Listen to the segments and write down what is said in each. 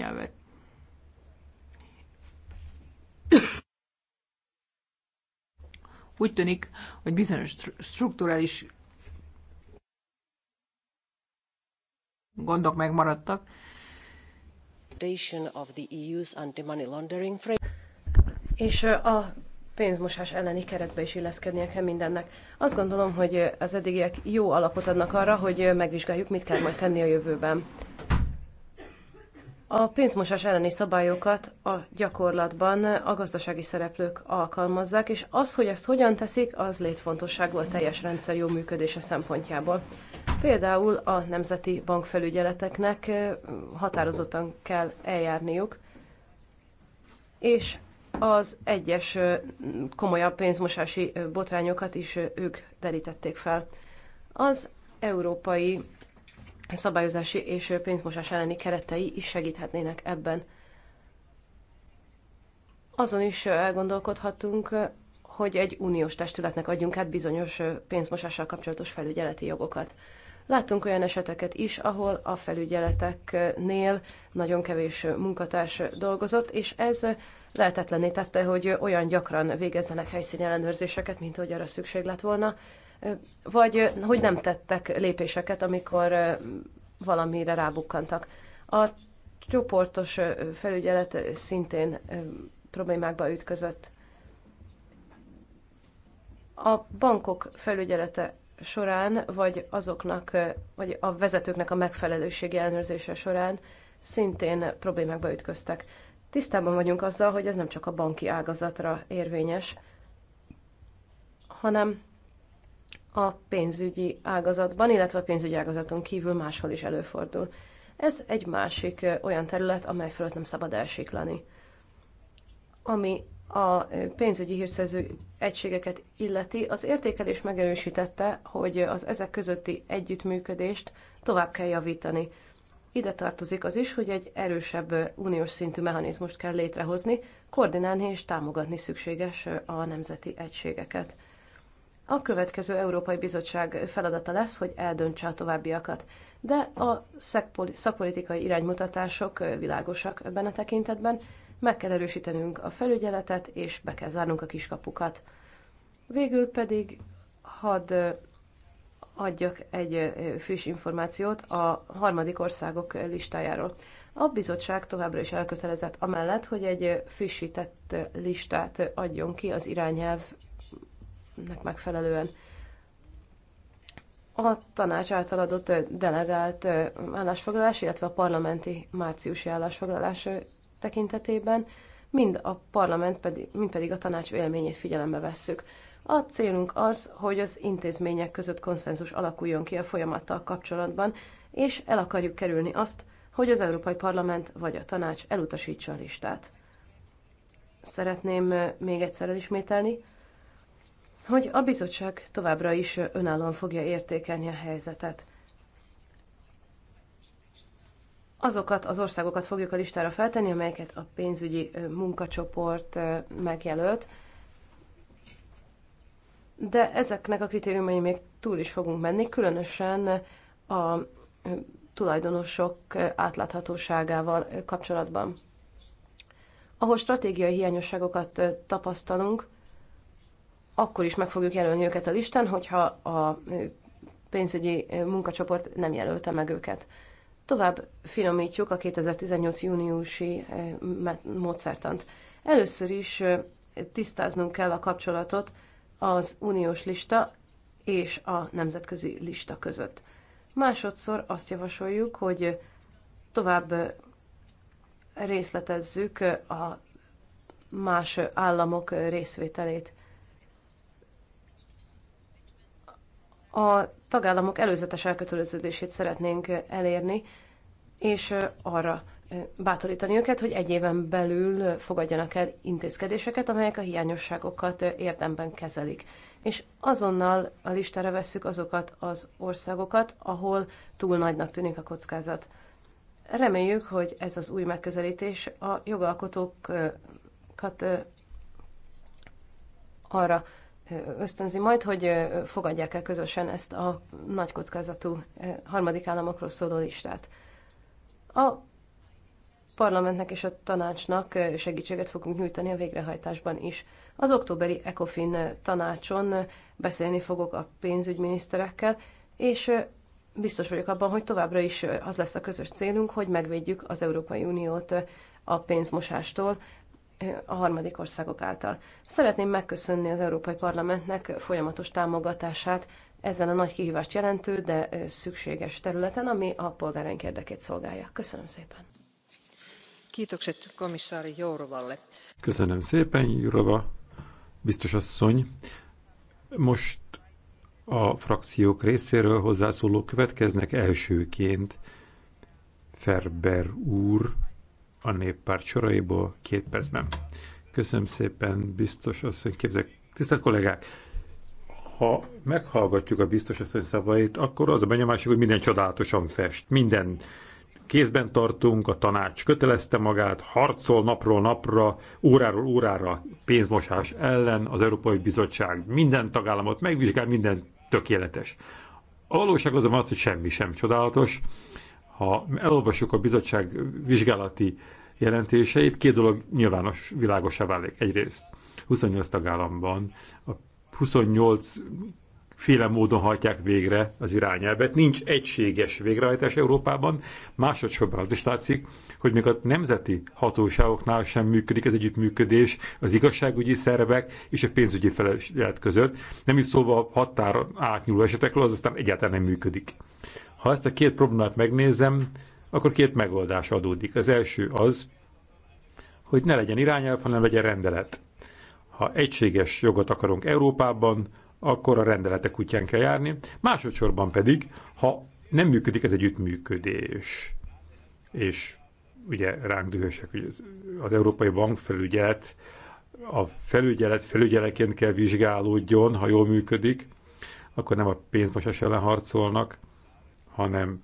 nyelvet. Úgy tűnik, hogy bizonyos strukturális gondok megmaradtak. E És a pénzmosás elleni keretbe is illeszkednie kell mindennek. Azt gondolom, hogy az eddigiek jó alapot adnak arra, hogy megvizsgáljuk, mit kell majd tenni a jövőben. A pénzmosás elleni szabályokat a gyakorlatban a gazdasági szereplők alkalmazzák, és az, hogy ezt hogyan teszik, az létfontosságú a teljes rendszer jó működése szempontjából. Például a nemzeti bankfelügyeleteknek határozottan kell eljárniuk, és az egyes komolyabb pénzmosási botrányokat is ők derítették fel. Az európai szabályozási és pénzmosás elleni keretei is segíthetnének ebben. Azon is elgondolkodhatunk, hogy egy uniós testületnek adjunk át bizonyos pénzmosással kapcsolatos felügyeleti jogokat. Láttunk olyan eseteket is, ahol a felügyeleteknél nagyon kevés munkatárs dolgozott, és ez lehetetlené tette, hogy olyan gyakran végezzenek helyszíni ellenőrzéseket, mint ahogy arra szükség lett volna, vagy hogy nem tettek lépéseket, amikor valamire rábukkantak. A csoportos felügyelet szintén problémákba ütközött. A bankok felügyelete során, vagy azoknak, vagy a vezetőknek a megfelelőségi ellenőrzése során szintén problémákba ütköztek. Tisztában vagyunk azzal, hogy ez nem csak a banki ágazatra érvényes, hanem a pénzügyi ágazatban, illetve a pénzügyi ágazaton kívül máshol is előfordul. Ez egy másik olyan terület, amely fölött nem szabad elsiklani. Ami a pénzügyi hírszerző egységeket illeti, az értékelés megerősítette, hogy az ezek közötti együttműködést tovább kell javítani. Ide tartozik az is, hogy egy erősebb uniós szintű mechanizmust kell létrehozni, koordinálni és támogatni szükséges a nemzeti egységeket. A következő Európai Bizottság feladata lesz, hogy eldöntse a továbbiakat. De a szakpolitikai iránymutatások világosak ebben a tekintetben, meg kell erősítenünk a felügyeletet, és be kell zárnunk a kiskapukat. Végül pedig hadd adjak egy friss információt a harmadik országok listájáról. A bizottság továbbra is elkötelezett amellett, hogy egy frissített listát adjon ki az irányelv ennek megfelelően. A tanács által adott delegált állásfoglalás, illetve a parlamenti márciusi állásfoglalás tekintetében mind a parlament, pedig, mind pedig a tanács véleményét figyelembe vesszük. A célunk az, hogy az intézmények között konszenzus alakuljon ki a folyamattal kapcsolatban, és el akarjuk kerülni azt, hogy az Európai Parlament vagy a tanács elutasítsa a listát. Szeretném még egyszer elismételni, hogy a bizottság továbbra is önállóan fogja értékelni a helyzetet. Azokat az országokat fogjuk a listára feltenni, amelyeket a pénzügyi munkacsoport megjelölt, de ezeknek a kritériumai még túl is fogunk menni, különösen a tulajdonosok átláthatóságával kapcsolatban. Ahol stratégiai hiányosságokat tapasztalunk, akkor is meg fogjuk jelölni őket a listán, hogyha a pénzügyi munkacsoport nem jelölte meg őket. Tovább finomítjuk a 2018. júniusi módszertant. Először is tisztáznunk kell a kapcsolatot az uniós lista és a nemzetközi lista között. Másodszor azt javasoljuk, hogy tovább részletezzük a más államok részvételét. a tagállamok előzetes elköteleződését szeretnénk elérni, és arra bátorítani őket, hogy egy éven belül fogadjanak el intézkedéseket, amelyek a hiányosságokat érdemben kezelik. És azonnal a listára vesszük azokat az országokat, ahol túl nagynak tűnik a kockázat. Reméljük, hogy ez az új megközelítés a jogalkotókat arra ösztönzi majd, hogy fogadják el közösen ezt a nagy kockázatú harmadik államokról szóló listát. A parlamentnek és a tanácsnak segítséget fogunk nyújtani a végrehajtásban is. Az októberi ECOFIN tanácson beszélni fogok a pénzügyminiszterekkel, és biztos vagyok abban, hogy továbbra is az lesz a közös célunk, hogy megvédjük az Európai Uniót a pénzmosástól, a harmadik országok által. Szeretném megköszönni az Európai Parlamentnek folyamatos támogatását ezen a nagy kihívást jelentő, de szükséges területen, ami a polgáraink érdekét szolgálja. Köszönöm szépen! Köszönöm szépen, Jurova biztos asszony. Most a frakciók részéről hozzászólók következnek elsőként. Ferber úr, a néppárt soraiból két percben. Köszönöm szépen, biztos asszony képzek. Tisztelt kollégák, ha meghallgatjuk a biztos asszony szavait, akkor az a benyomásuk, hogy minden csodálatosan fest. Minden kézben tartunk, a tanács kötelezte magát, harcol napról napra, óráról órára pénzmosás ellen, az Európai Bizottság minden tagállamot megvizsgál, minden tökéletes. A valóság azonban az, hogy semmi sem csodálatos, ha elolvassuk a bizottság vizsgálati jelentéseit, két dolog nyilvános világosá válik. Egyrészt 28 tagállamban a 28 féle módon hajtják végre az irányelvet. Nincs egységes végrehajtás Európában. Másodszorban az is látszik, hogy még a nemzeti hatóságoknál sem működik az együttműködés az igazságügyi szervek és a pénzügyi felelősség között. Nem is szóval határ átnyúló esetekről, az aztán egyáltalán nem működik. Ha ezt a két problémát megnézem, akkor két megoldás adódik. Az első az, hogy ne legyen irányelv, hanem legyen rendelet. Ha egységes jogot akarunk Európában, akkor a rendeletek útján kell járni. Másodszorban pedig, ha nem működik ez együttműködés, és ugye ránk dühösek, hogy az, az Európai felügyelet, a felügyelet felügyeleként kell vizsgálódjon, ha jól működik, akkor nem a pénzmosás ellen harcolnak, hanem,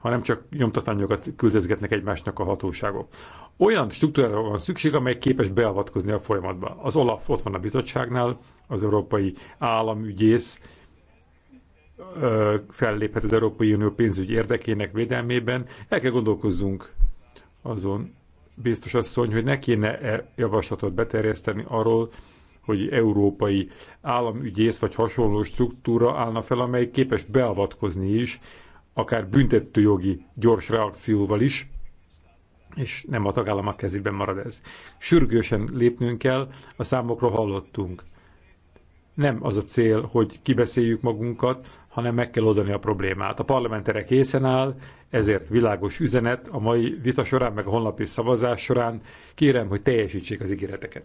hanem csak nyomtatványokat küldözgetnek egymásnak a hatóságok. Olyan struktúrára van szükség, amely képes beavatkozni a folyamatba. Az OLAF ott van a bizottságnál, az Európai Államügyész felléphet az Európai Unió pénzügyi érdekének védelmében. El kell gondolkozzunk azon, biztos asszony, hogy ne kéne -e javaslatot beterjeszteni arról, hogy európai államügyész vagy hasonló struktúra állna fel, amely képes beavatkozni is akár büntetőjogi gyors reakcióval is, és nem a tagállamok kezében marad ez. Sürgősen lépnünk kell, a számokról hallottunk. Nem az a cél, hogy kibeszéljük magunkat, hanem meg kell oldani a problémát. A parlamenterek készen áll, ezért világos üzenet a mai vita során, meg a honlapi szavazás során. Kérem, hogy teljesítsék az ígéreteket.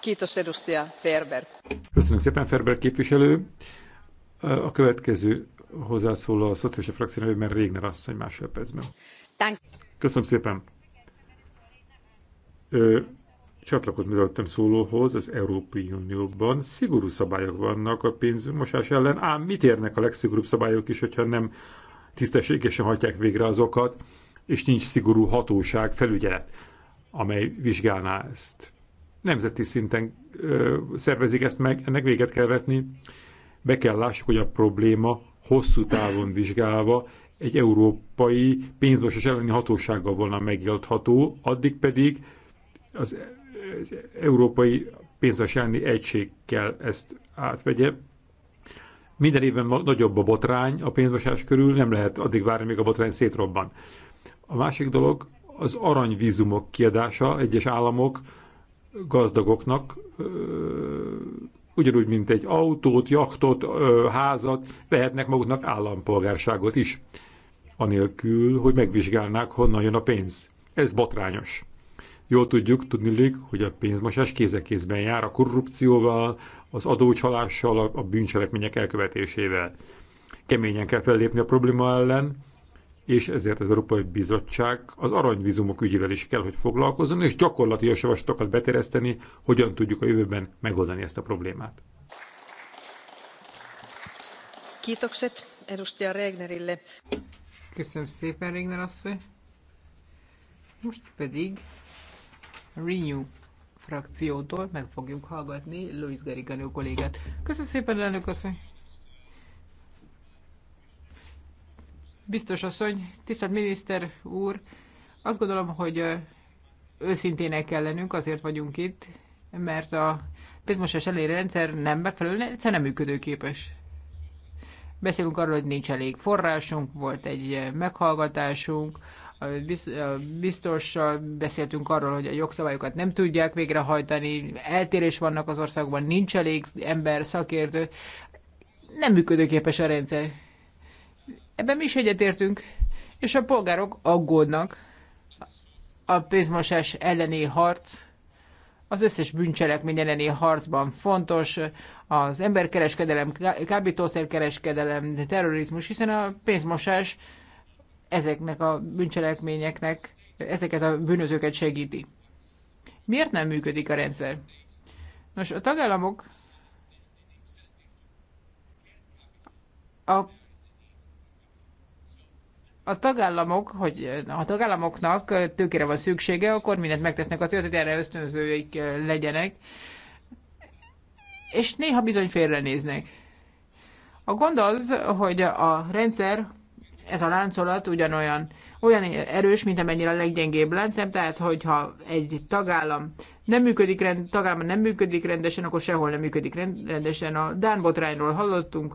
Kiitos, edustaja Ferber. Köszönjük szépen, Ferber képviselő. A következő hozzászól a szociális frakció nevében Régner asszony másodpercben. Köszönöm szépen. Ö, csatlakozni előttem szólóhoz, az Európai Unióban szigorú szabályok vannak a pénzmosás ellen, ám mit érnek a legszigorúbb szabályok is, hogyha nem tisztességesen hagyják végre azokat, és nincs szigorú hatóság, felügyelet, amely vizsgálná ezt. Nemzeti szinten ö, szervezik ezt meg, ennek véget kell vetni, be kell lássuk, hogy a probléma hosszú távon vizsgálva egy európai pénzmosás elleni hatósággal volna megjadható, addig pedig az, az európai pénzmosás elleni egység kell ezt átvegye. Minden évben nagyobb a botrány a pénzmosás körül, nem lehet addig várni, még a botrány szétrobban. A másik dolog az aranyvízumok kiadása egyes államok gazdagoknak ugyanúgy, mint egy autót, jachtot, házat, vehetnek maguknak állampolgárságot is, anélkül, hogy megvizsgálnák, honnan jön a pénz. Ez botrányos. Jól tudjuk, tudni lég, hogy a pénzmosás kézekézben jár a korrupcióval, az adócsalással, a bűncselekmények elkövetésével. Keményen kell fellépni a probléma ellen, és ezért az Európai Bizottság az aranyvizumok ügyével is kell, hogy foglalkozzon, és gyakorlati javaslatokat betereszteni, hogyan tudjuk a jövőben megoldani ezt a problémát. Kiitokset edustaja Regnerille. Köszönöm szépen, Regner asszony. Most pedig Renew frakciótól meg fogjuk hallgatni Louis Garigano kollégát. Köszönöm szépen, elnök asszony! Biztos asszony, tisztelt miniszter úr, azt gondolom, hogy őszintének kell lennünk, azért vagyunk itt, mert a pénzmosás elérő rendszer nem megfelelő, egyszerűen nem működőképes. Beszélünk arról, hogy nincs elég forrásunk, volt egy meghallgatásunk, biztossal beszéltünk arról, hogy a jogszabályokat nem tudják végrehajtani, eltérés vannak az országban, nincs elég ember, szakértő, nem működőképes a rendszer. Ebben mi is egyetértünk, és a polgárok aggódnak. A pénzmosás elleni harc, az összes bűncselekmény elleni harcban fontos, az emberkereskedelem, kábítószerkereskedelem, terrorizmus, hiszen a pénzmosás ezeknek a bűncselekményeknek, ezeket a bűnözőket segíti. Miért nem működik a rendszer? Nos, a tagállamok a a tagállamok, hogy ha a tagállamoknak tőkére van szüksége, akkor mindent megtesznek azért, hogy erre ösztönzőik legyenek, és néha bizony félrenéznek. A gond az, hogy a rendszer, ez a láncolat ugyanolyan olyan erős, mint amennyire a leggyengébb láncszem, tehát hogyha egy tagállam nem működik, rend, tagállam nem működik rendesen, akkor sehol nem működik rendesen. A Dán botrányról hallottunk,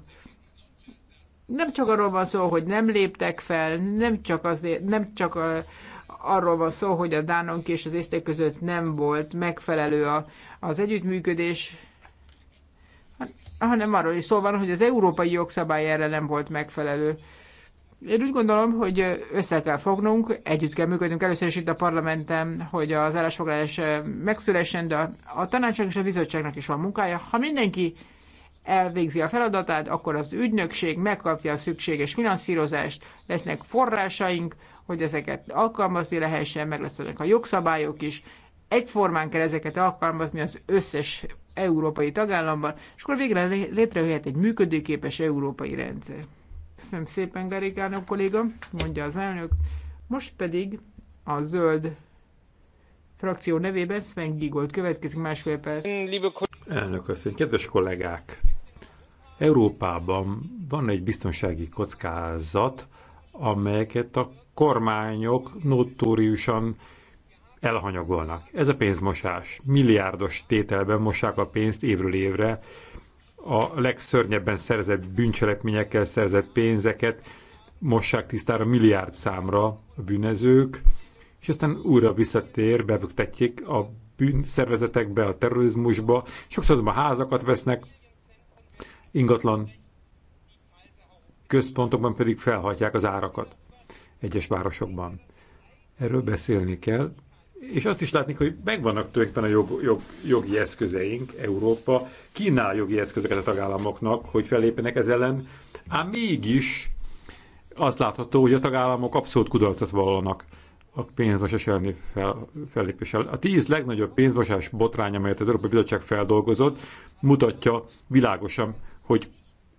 nem csak arról van szó, hogy nem léptek fel, nem csak, azért, nem csak a, arról van szó, hogy a Dánonk és az észtek között nem volt megfelelő a, az együttműködés, hanem arról is szó van, hogy az európai jogszabály erre nem volt megfelelő. Én úgy gondolom, hogy össze kell fognunk, együtt kell működnünk először is itt a parlamentem, hogy az állásfoglalás megszülessen, de a tanácsnak és a bizottságnak is van munkája. Ha mindenki elvégzi a feladatát, akkor az ügynökség megkapja a szükséges finanszírozást, lesznek forrásaink, hogy ezeket alkalmazni lehessen, meg lesznek a jogszabályok is, egyformán kell ezeket alkalmazni az összes európai tagállamban, és akkor végre létrejöhet egy működőképes európai rendszer. Köszönöm szépen, Garigánó kolléga, mondja az elnök. Most pedig a zöld frakció nevében Sven Gigolt következik másfél perc. Elnök asszony, kedves kollégák! Európában van egy biztonsági kockázat, amelyeket a kormányok notóriusan elhanyagolnak. Ez a pénzmosás. Milliárdos tételben mossák a pénzt évről évre, a legszörnyebben szerzett bűncselekményekkel szerzett pénzeket mossák tisztára milliárd számra a bűnezők, és aztán újra visszatér, bevögtetjék a bűnszervezetekbe, a terrorizmusba, sokszor azonban házakat vesznek, ingatlan központokban pedig felhatják az árakat egyes városokban. Erről beszélni kell, és azt is látni, hogy megvannak tulajdonképpen a jog, jog, jogi eszközeink, Európa kínál jogi eszközöket a tagállamoknak, hogy fellépjenek ez ellen, ám mégis az látható, hogy a tagállamok abszolút kudarcot vallanak a pénzmosás elleni fel, fellépéssel. A tíz legnagyobb pénzmosás botrány, amelyet az Európai Bizottság feldolgozott, mutatja világosan, hogy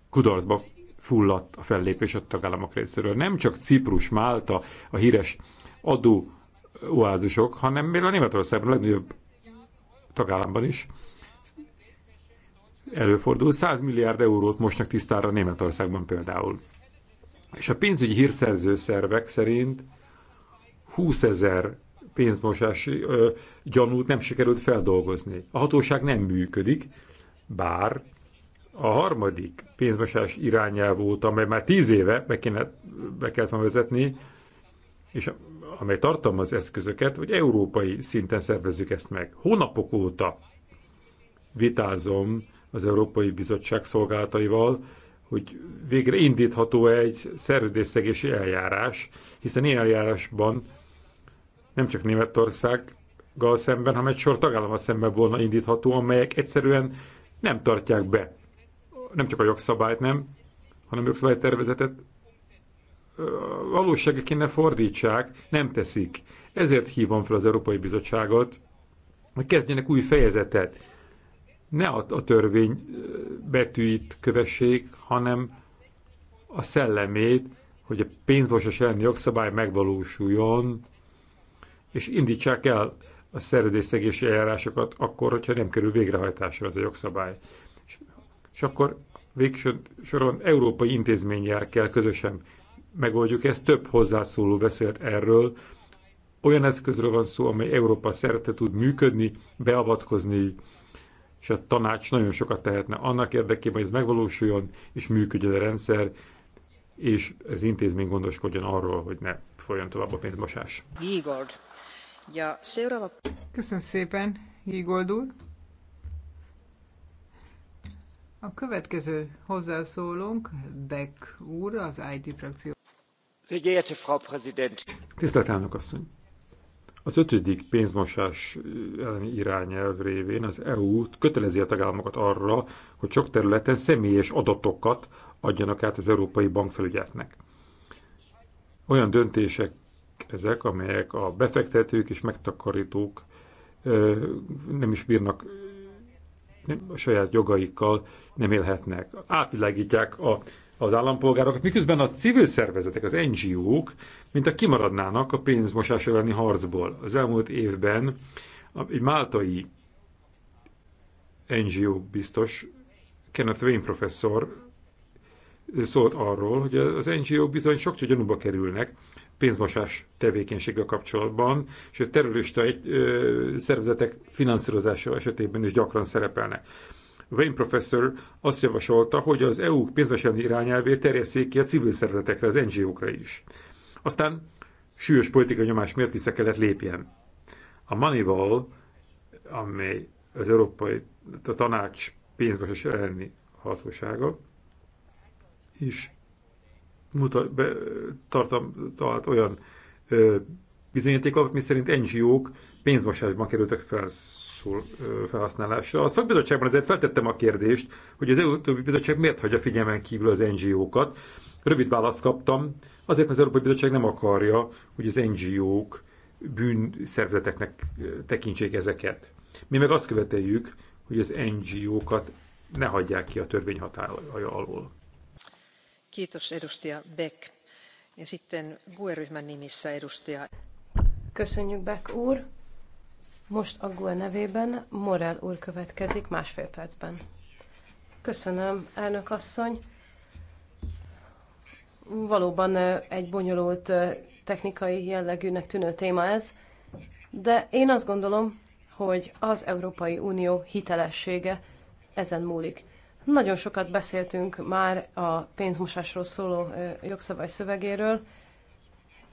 kudarcba fulladt a fellépés a tagállamok részéről. Nem csak Ciprus, Málta, a híres adó oázisok, hanem a Németországban a legnagyobb tagállamban is előfordul. 100 milliárd eurót mostnak tisztára Németországban például. És a pénzügyi hírszerző szervek szerint 20 ezer pénzmosási ö, gyanút nem sikerült feldolgozni. A hatóság nem működik, bár a harmadik pénzmosás irányelv volt, amely már tíz éve be, kéne, be kellett volna vezetni, és amely tartalmaz eszközöket, hogy európai szinten szervezzük ezt meg. Hónapok óta vitázom az Európai Bizottság szolgálataival, hogy végre indítható -e egy szerződésszegési eljárás, hiszen ilyen eljárásban nem csak Németországgal szemben, hanem egy sor tagállammal szemben volna indítható, amelyek egyszerűen nem tartják be nem csak a jogszabályt nem, hanem a jogszabálytervezetet valóságra kéne fordítsák, nem teszik. Ezért hívom fel az Európai Bizottságot, hogy kezdjenek új fejezetet. Ne a, a törvény betűit kövessék, hanem a szellemét, hogy a pénzbosas elleni jogszabály megvalósuljon, és indítsák el a szerződésszegési eljárásokat akkor, hogyha nem kerül végrehajtásra az a jogszabály. És, és akkor végső soron európai intézménnyel kell közösen megoldjuk ezt. Több hozzászóló beszélt erről. Olyan eszközről van szó, amely Európa szerte tud működni, beavatkozni, és a tanács nagyon sokat tehetne annak érdekében, hogy ez megvalósuljon, és működjön a rendszer, és az intézmény gondoskodjon arról, hogy ne folyjon tovább a pénzmosás. Igor. Ja, Köszönöm szépen, Gigold úr. A következő hozzászólónk Beck úr, az IT frakció. Sehr Frau Präsident! Tisztelt elnök asszony! Az ötödik pénzmosás elleni irányelv révén az EU kötelezi a tagállamokat arra, hogy sok területen személyes adatokat adjanak át az Európai Bankfelügyeletnek. Olyan döntések ezek, amelyek a befektetők és megtakarítók nem is bírnak nem, a saját jogaikkal nem élhetnek. Átvilágítják a, az állampolgárokat, miközben a civil szervezetek, az NGO-k, mint a kimaradnának a pénzmosás elleni harcból. Az elmúlt évben egy máltai NGO biztos, Kenneth Wayne professzor szólt arról, hogy az NGO bizony sok gyanúba kerülnek, pénzmosás tevékenységgel kapcsolatban, és a terrorista egy, ö, szervezetek finanszírozása esetében is gyakran szerepelnek. Wayne professzor azt javasolta, hogy az EU pénzmosási irányelvét terjesszék ki a civil szervezetekre, az NGO-kra is. Aztán súlyos politikai nyomás miatt vissza kellett lépjen. A Moneyball, amely az Európai a Tanács pénzmosás elleni hatósága, is mutat, be, tartam, talált olyan ö, bizonyítékokat, mi szerint NGO-k pénzmosásban kerültek felszól, ö, felhasználásra. A szakbizottságban ezért feltettem a kérdést, hogy az Európai bizottság miért hagyja figyelmen kívül az NGO-kat. Rövid választ kaptam, azért, mert az Európai Bizottság nem akarja, hogy az NGO-k bűnszervezeteknek tekintsék ezeket. Mi meg azt követeljük, hogy az NGO-kat ne hagyják ki a törvény hatája alól. Köszönjük, Beck úr. Most a GUE nevében Morel úr következik másfél percben. Köszönöm, elnök asszony. Valóban egy bonyolult technikai jellegűnek tűnő téma ez, de én azt gondolom, hogy az Európai Unió hitelessége ezen múlik. Nagyon sokat beszéltünk már a pénzmosásról szóló jogszabály szövegéről,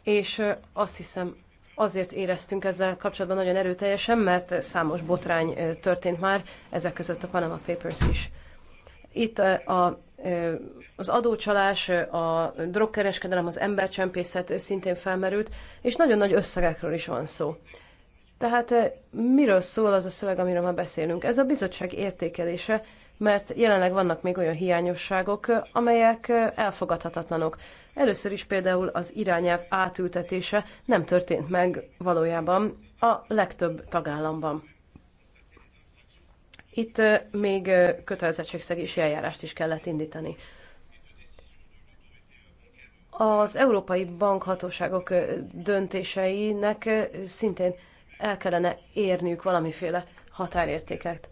és azt hiszem azért éreztünk ezzel kapcsolatban nagyon erőteljesen, mert számos botrány történt már, ezek között a Panama Papers is. Itt a, az adócsalás, a drogkereskedelem, az embercsempészet szintén felmerült, és nagyon nagy összegekről is van szó. Tehát miről szól az a szöveg, amiről már beszélünk? Ez a bizottság értékelése, mert jelenleg vannak még olyan hiányosságok, amelyek elfogadhatatlanok. Először is például az irányelv átültetése nem történt meg valójában a legtöbb tagállamban. Itt még kötelezettségszegési eljárást is kellett indítani. Az európai bankhatóságok döntéseinek szintén el kellene érniük valamiféle határértéket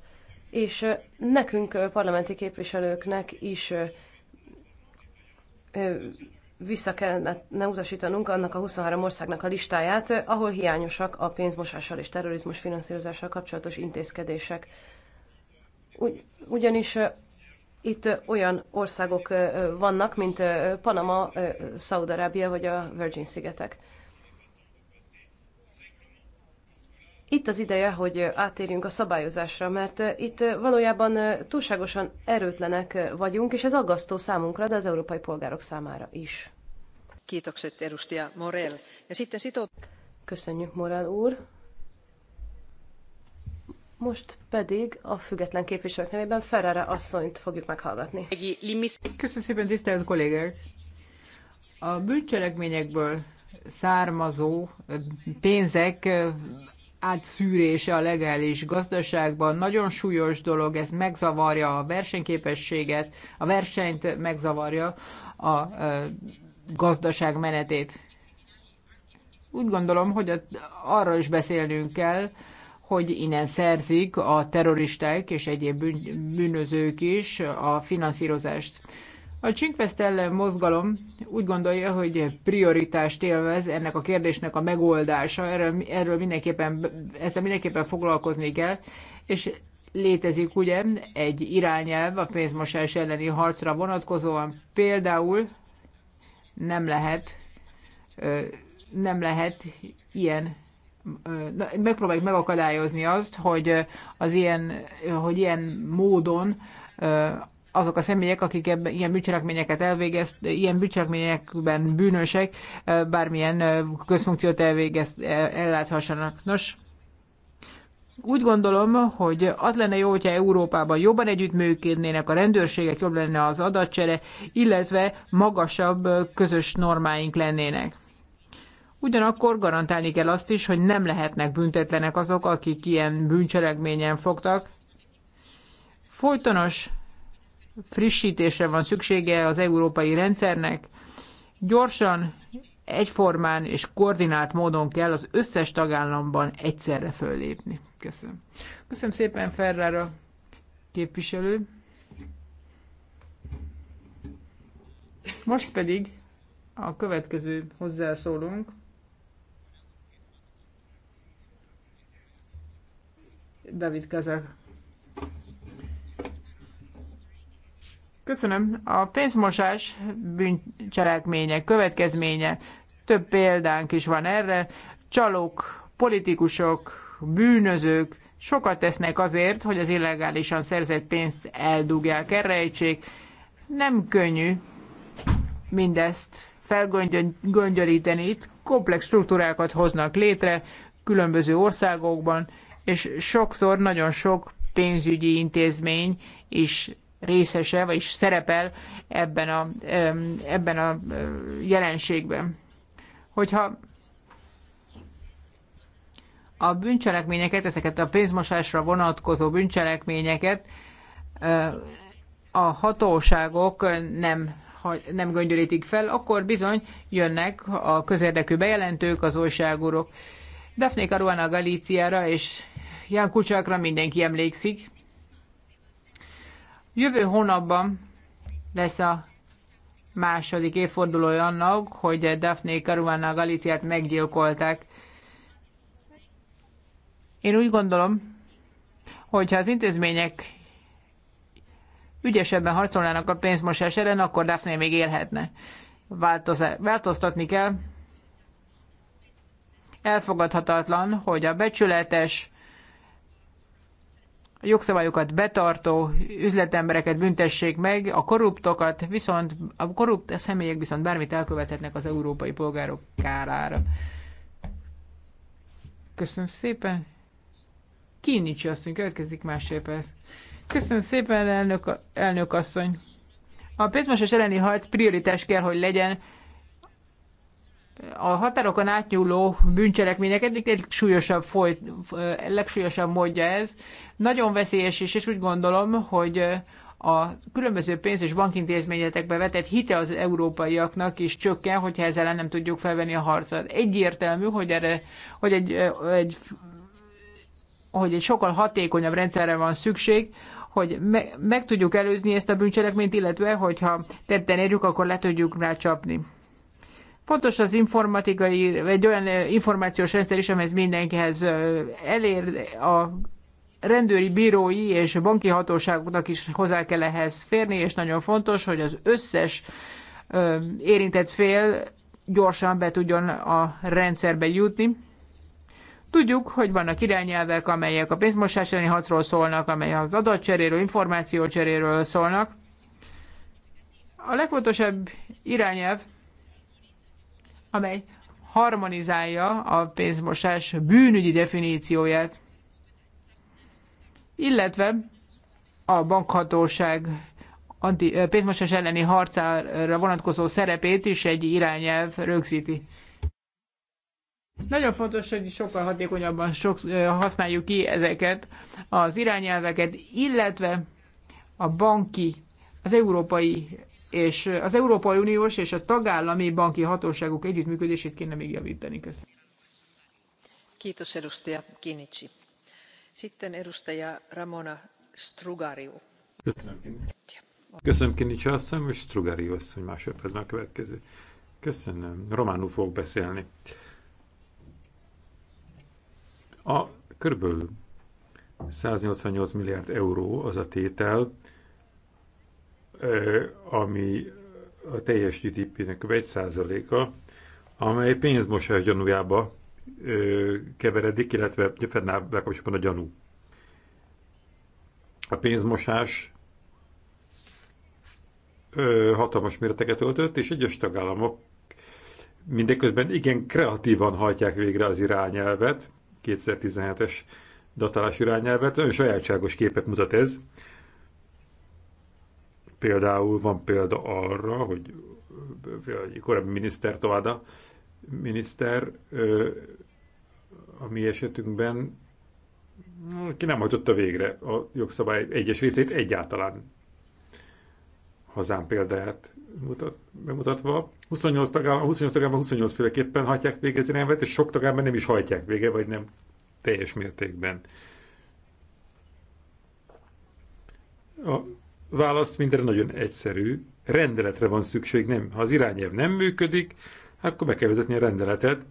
és nekünk parlamenti képviselőknek is vissza kellene utasítanunk annak a 23 országnak a listáját, ahol hiányosak a pénzmosással és terrorizmus finanszírozással kapcsolatos intézkedések. Ugy, ugyanis itt olyan országok vannak, mint Panama, Szaudarábia vagy a Virgin-szigetek. itt az ideje, hogy átérjünk a szabályozásra, mert eh, itt eh, valójában eh, túlságosan erőtlenek vagyunk, és ez aggasztó számunkra, de az európai polgárok számára is. Kiitokset, edustaja Morel. Ja sitten sito... Köszönjük, Morel úr. Most pedig a független képviselők nevében Ferrara asszonyt fogjuk meghallgatni. Köszönöm szépen, tisztelt kollégák! A bűncselekményekből származó pénzek átszűrése a legális gazdaságban. Nagyon súlyos dolog, ez megzavarja a versenyképességet, a versenyt megzavarja a gazdaság menetét. Úgy gondolom, hogy arról is beszélnünk kell, hogy innen szerzik a terroristák és egyéb bűnözők is a finanszírozást. A Cinque Stelle mozgalom úgy gondolja, hogy prioritást élvez ennek a kérdésnek a megoldása, erről, erről mindenképpen, ezzel mindenképpen foglalkozni kell, és létezik ugye egy irányelv a pénzmosás elleni harcra vonatkozóan. Például nem lehet, nem lehet ilyen megpróbáljuk megakadályozni azt, hogy az ilyen, hogy ilyen módon azok a személyek, akik ebben, ilyen bűncselekményeket elvégezt, ilyen bűncselekményekben bűnösek, bármilyen közfunkciót elvégezt, e, elláthassanak. Nos, úgy gondolom, hogy az lenne jó, hogyha Európában jobban együttműködnének a rendőrségek, jobb lenne az adatcsere, illetve magasabb közös normáink lennének. Ugyanakkor garantálni kell azt is, hogy nem lehetnek büntetlenek azok, akik ilyen bűncselekményen fogtak. Folytonos frissítésre van szüksége az európai rendszernek. Gyorsan, egyformán és koordinált módon kell az összes tagállamban egyszerre föllépni. Köszönöm. Köszönöm szépen Ferrara képviselő. Most pedig a következő hozzászólunk. David Kazak Köszönöm. A pénzmosás bűncselekménye, következménye, több példánk is van erre. Csalók, politikusok, bűnözők sokat tesznek azért, hogy az illegálisan szerzett pénzt eldugják, elrejtsék. Nem könnyű mindezt felgöngyöríteni. Itt komplex struktúrákat hoznak létre különböző országokban, és sokszor nagyon sok pénzügyi intézmény is részese, vagyis szerepel ebben a, ebben a jelenségben. Hogyha a bűncselekményeket, ezeket a pénzmosásra vonatkozó bűncselekményeket eh, a hatóságok nem, nem göngyölítik fel, akkor bizony jönnek a közérdekű bejelentők, az újságúrok. Daphne Caruana Galíciára és Ján Kucsákra mindenki emlékszik, Jövő hónapban lesz a második évfordulója annak, hogy Daphne Caruana Galiciát meggyilkolták. Én úgy gondolom, hogyha az intézmények ügyesebben harcolnának a pénzmosás ellen, akkor Daphne még élhetne. Változ változtatni kell. Elfogadhatatlan, hogy a becsületes, a jogszabályokat betartó üzletembereket büntessék meg, a korruptokat viszont, a korrupt személyek viszont bármit elkövethetnek az európai polgárok kárára. Köszönöm szépen. Kínicsi asszony, következik másfél perc. Köszönöm szépen, elnök, elnök asszony. A pénzmosás elleni harc prioritás kell, hogy legyen a határokon átnyúló bűncselekmények egyik legsúlyosabb, folyt, legsúlyosabb módja ez. Nagyon veszélyes is, és úgy gondolom, hogy a különböző pénz- és bankintézményetekbe vetett hite az európaiaknak is csökken, hogyha ezzel nem tudjuk felvenni a harcot. Egyértelmű, hogy, erre, hogy egy, egy hogy egy sokkal hatékonyabb rendszerre van szükség, hogy me- meg tudjuk előzni ezt a bűncselekményt, illetve hogyha tetten érjük, akkor le tudjuk rá csapni. Fontos az informatikai, egy olyan eh, információs rendszer is, amelyhez mindenkihez eh, elér a rendőri bírói és banki hatóságoknak is hozzá kell ehhez férni, és nagyon fontos, hogy az összes eh, érintett fél gyorsan be tudjon a rendszerbe jutni. Tudjuk, hogy vannak irányelvek, amelyek a pénzmosás elleni harcról szólnak, amelyek az adatcseréről, információcseréről szólnak. A legfontosabb irányelv amely harmonizálja a pénzmosás bűnügyi definícióját, illetve a bankhatóság anti, pénzmosás elleni harcára vonatkozó szerepét is egy irányelv rögzíti. Nagyon fontos, hogy sokkal hatékonyabban sok, használjuk ki ezeket az irányelveket, illetve a banki, az európai és az Európai Uniós és a tagállami banki hatóságok együttműködését kéne még javítani. Köszönöm. Kiitos edustaja Kinicsi. Sitten edustaja Ramona Strugariu. Köszönöm, Köszönöm Kinicsi asszony, és Strugariu asszony másodpercben a következő. Köszönöm. Románul fogok beszélni. A körülbelül 188 milliárd euró az a tétel, ami a teljes GDP-nek kb. 1%-a, amely pénzmosás gyanújába keveredik, illetve fennáll kapcsolatban a gyanú. A pénzmosás hatalmas méreteket öltött, és egyes tagállamok mindeközben igen kreatívan hajtják végre az irányelvet, 2017-es datálás irányelvet, nagyon sajátságos képet mutat ez, Például van példa arra, hogy egy korábbi miniszter, Továda miniszter, a mi esetünkben ki nem hajtotta végre a jogszabály egyes részét egyáltalán. Hazám példáját mutat, bemutatva. 28 tagában, 28 tagában 28 féleképpen hajtják végre az irányvet, és sok tagában nem is hajtják végre, vagy nem teljes mértékben. A válasz mindre nagyon egyszerű. Rendeletre van szükség, nem. Ha az irányelv nem működik, akkor be kell vezetni a rendeletet.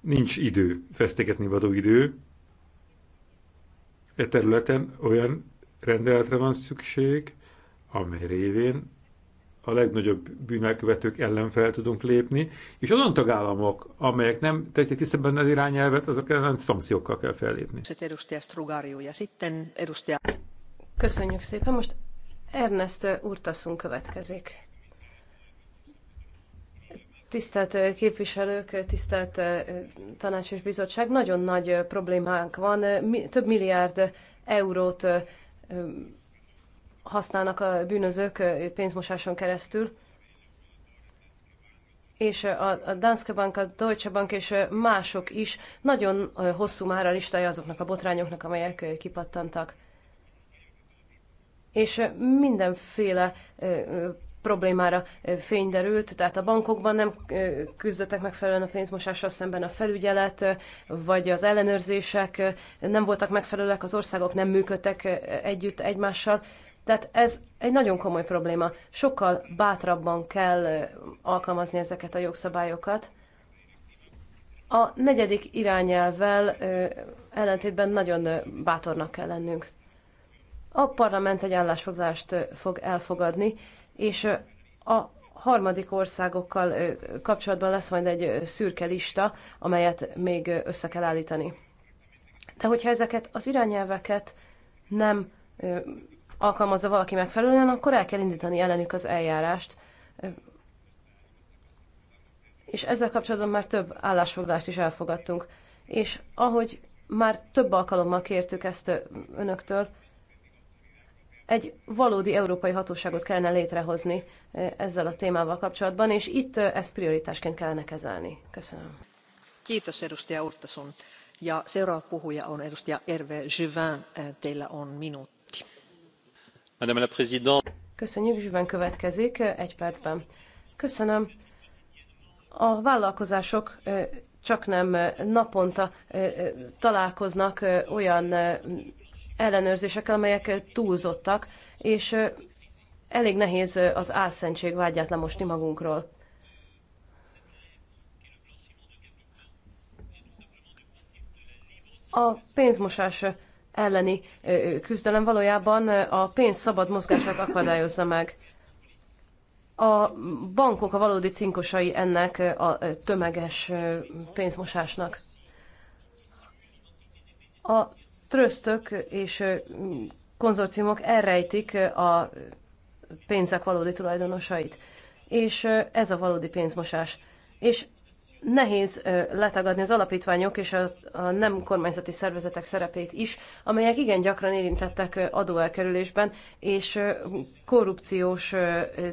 Nincs idő, fesztegetni vadó idő. E területen olyan rendeletre van szükség, amely révén a legnagyobb bűnelkövetők ellen fel tudunk lépni, és azon tagállamok, amelyek nem tették tisztában az irányelvet, azok ellen szankciókkal kell fellépni. Köszönjük szépen, most Ernest Urtaszun következik. Tisztelt eh, képviselők, eh, tisztelt eh, tanács és bizottság, nagyon nagy problémánk van. Több milliárd eurót használnak a bűnözők pénzmosáson keresztül. És a Danske Bank, a Deutsche Bank és mások is nagyon hosszú már a listája azoknak a botrányoknak, amelyek kipattantak és mindenféle problémára fény derült, tehát a bankokban nem küzdöttek megfelelően a pénzmosással szemben a felügyelet, vagy az ellenőrzések nem voltak megfelelőek, az országok nem működtek együtt egymással. Tehát ez egy nagyon komoly probléma. Sokkal bátrabban kell alkalmazni ezeket a jogszabályokat. A negyedik irányelvvel ellentétben nagyon bátornak kell lennünk a parlament egy állásfoglalást fog elfogadni, és a harmadik országokkal kapcsolatban lesz majd egy szürke lista, amelyet még össze kell állítani. De hogyha ezeket az irányelveket nem alkalmazza valaki megfelelően, akkor el kell indítani ellenük az eljárást. És ezzel kapcsolatban már több állásfoglalást is elfogadtunk. És ahogy már több alkalommal kértük ezt önöktől, egy valódi európai hatóságot kellene létrehozni eh, ezzel a témával kapcsolatban, és itt eh, ezt prioritásként kellene kezelni. Köszönöm. Kiitos, edustaja Ortason, Ja seuraava puhuja on edustaja Erve Juvin. Eh, teillä on minuutti. Madame la Présidente. Köszönjük, Juvin következik egy percben. Köszönöm. A vállalkozások csak nem naponta találkoznak olyan ellenőrzésekkel, amelyek túlzottak, és elég nehéz az álszentség vágyát lemosni magunkról. A pénzmosás elleni küzdelem valójában a pénz szabad mozgását akadályozza meg. A bankok a valódi cinkosai ennek a tömeges pénzmosásnak. A trösztök és konzorciumok elrejtik a pénzek valódi tulajdonosait. És ez a valódi pénzmosás. És nehéz letagadni az alapítványok és a, nem kormányzati szervezetek szerepét is, amelyek igen gyakran érintettek adóelkerülésben, és korrupciós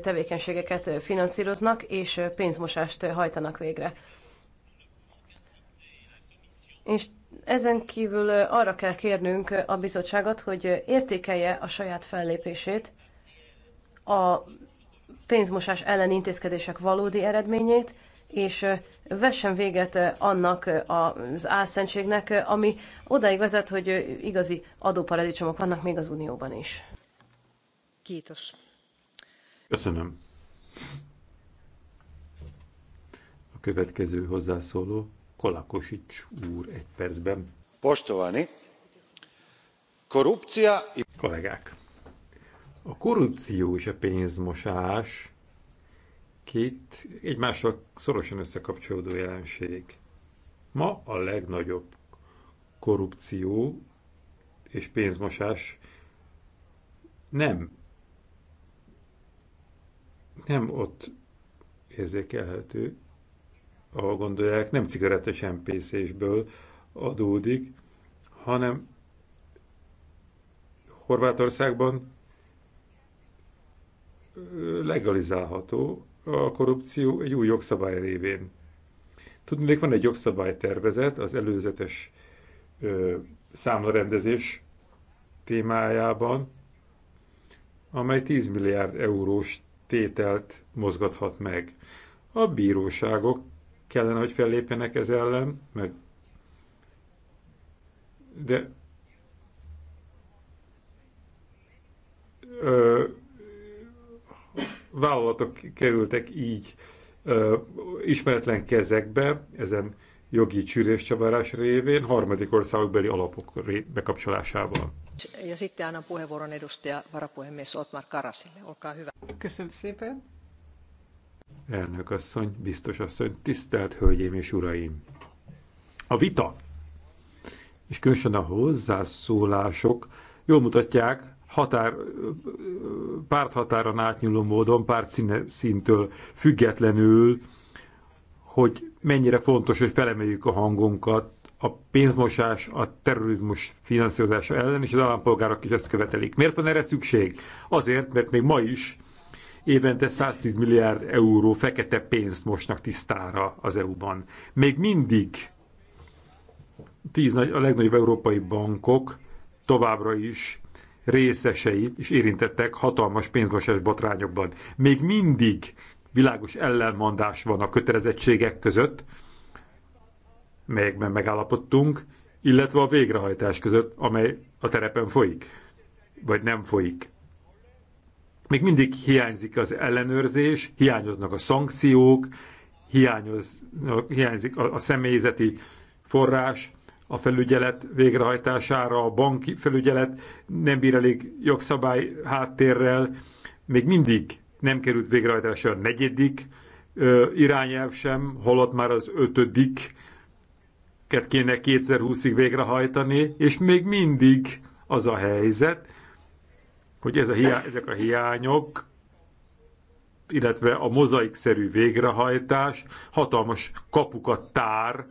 tevékenységeket finanszíroznak, és pénzmosást hajtanak végre. És ezen kívül arra kell kérnünk a bizottságot, hogy értékelje a saját fellépését, a pénzmosás ellen intézkedések valódi eredményét, és vessen véget annak az álszentségnek, ami odáig vezet, hogy igazi adóparadicsomok vannak még az Unióban is. Kétos. Köszönöm. A következő hozzászóló Kolakosics úr egy percben. Postovani, korrupcia... Kollégák, a korrupció és a pénzmosás két egymással szorosan összekapcsolódó jelenség. Ma a legnagyobb korrupció és pénzmosás nem nem ott érzékelhető, a gondolják, nem empészésből adódik, hanem Horvátországban legalizálható a korrupció egy új jogszabály révén. Tudni, van egy jogszabálytervezet az előzetes ö, számlarendezés témájában, amely 10 milliárd eurós tételt mozgathat meg. A bíróságok kellene, hogy fellépjenek ez ellen, meg de ö, vállalatok kerültek így ö, ismeretlen kezekbe, ezen jogi csűréscsavarás révén harmadik országokbeli alapok bekapcsolásával. Ja sitten annan puheenvuoron edustaja varapuhemies Otmar Karasille. Olkaa hyvä. Köszönöm szépen elnök asszony, biztos asszony, tisztelt hölgyeim és uraim! A vita, és különösen a hozzászólások jól mutatják, határ, párthatáron átnyúló módon, párt szintől függetlenül, hogy mennyire fontos, hogy felemeljük a hangunkat a pénzmosás, a terrorizmus finanszírozása ellen, és az állampolgárok is ezt követelik. Miért van erre szükség? Azért, mert még ma is évente 110 milliárd euró fekete pénzt mosnak tisztára az EU-ban. Még mindig tíz nagy, a legnagyobb európai bankok továbbra is részesei és érintettek hatalmas pénzmosás botrányokban. Még mindig világos ellenmondás van a kötelezettségek között, melyekben megállapodtunk, illetve a végrehajtás között, amely a terepen folyik, vagy nem folyik még mindig hiányzik az ellenőrzés, hiányoznak a szankciók, hiányoz, hiányzik a, a személyzeti forrás a felügyelet végrehajtására, a banki felügyelet nem bír elég jogszabály háttérrel, még mindig nem került végrehajtásra a negyedik ö, irányelv sem, holott már az ötödik kéne 2020-ig végrehajtani, és még mindig az a helyzet, hogy ez a hiá, ezek a hiányok, illetve a mozaikszerű végrehajtás hatalmas kapukat tár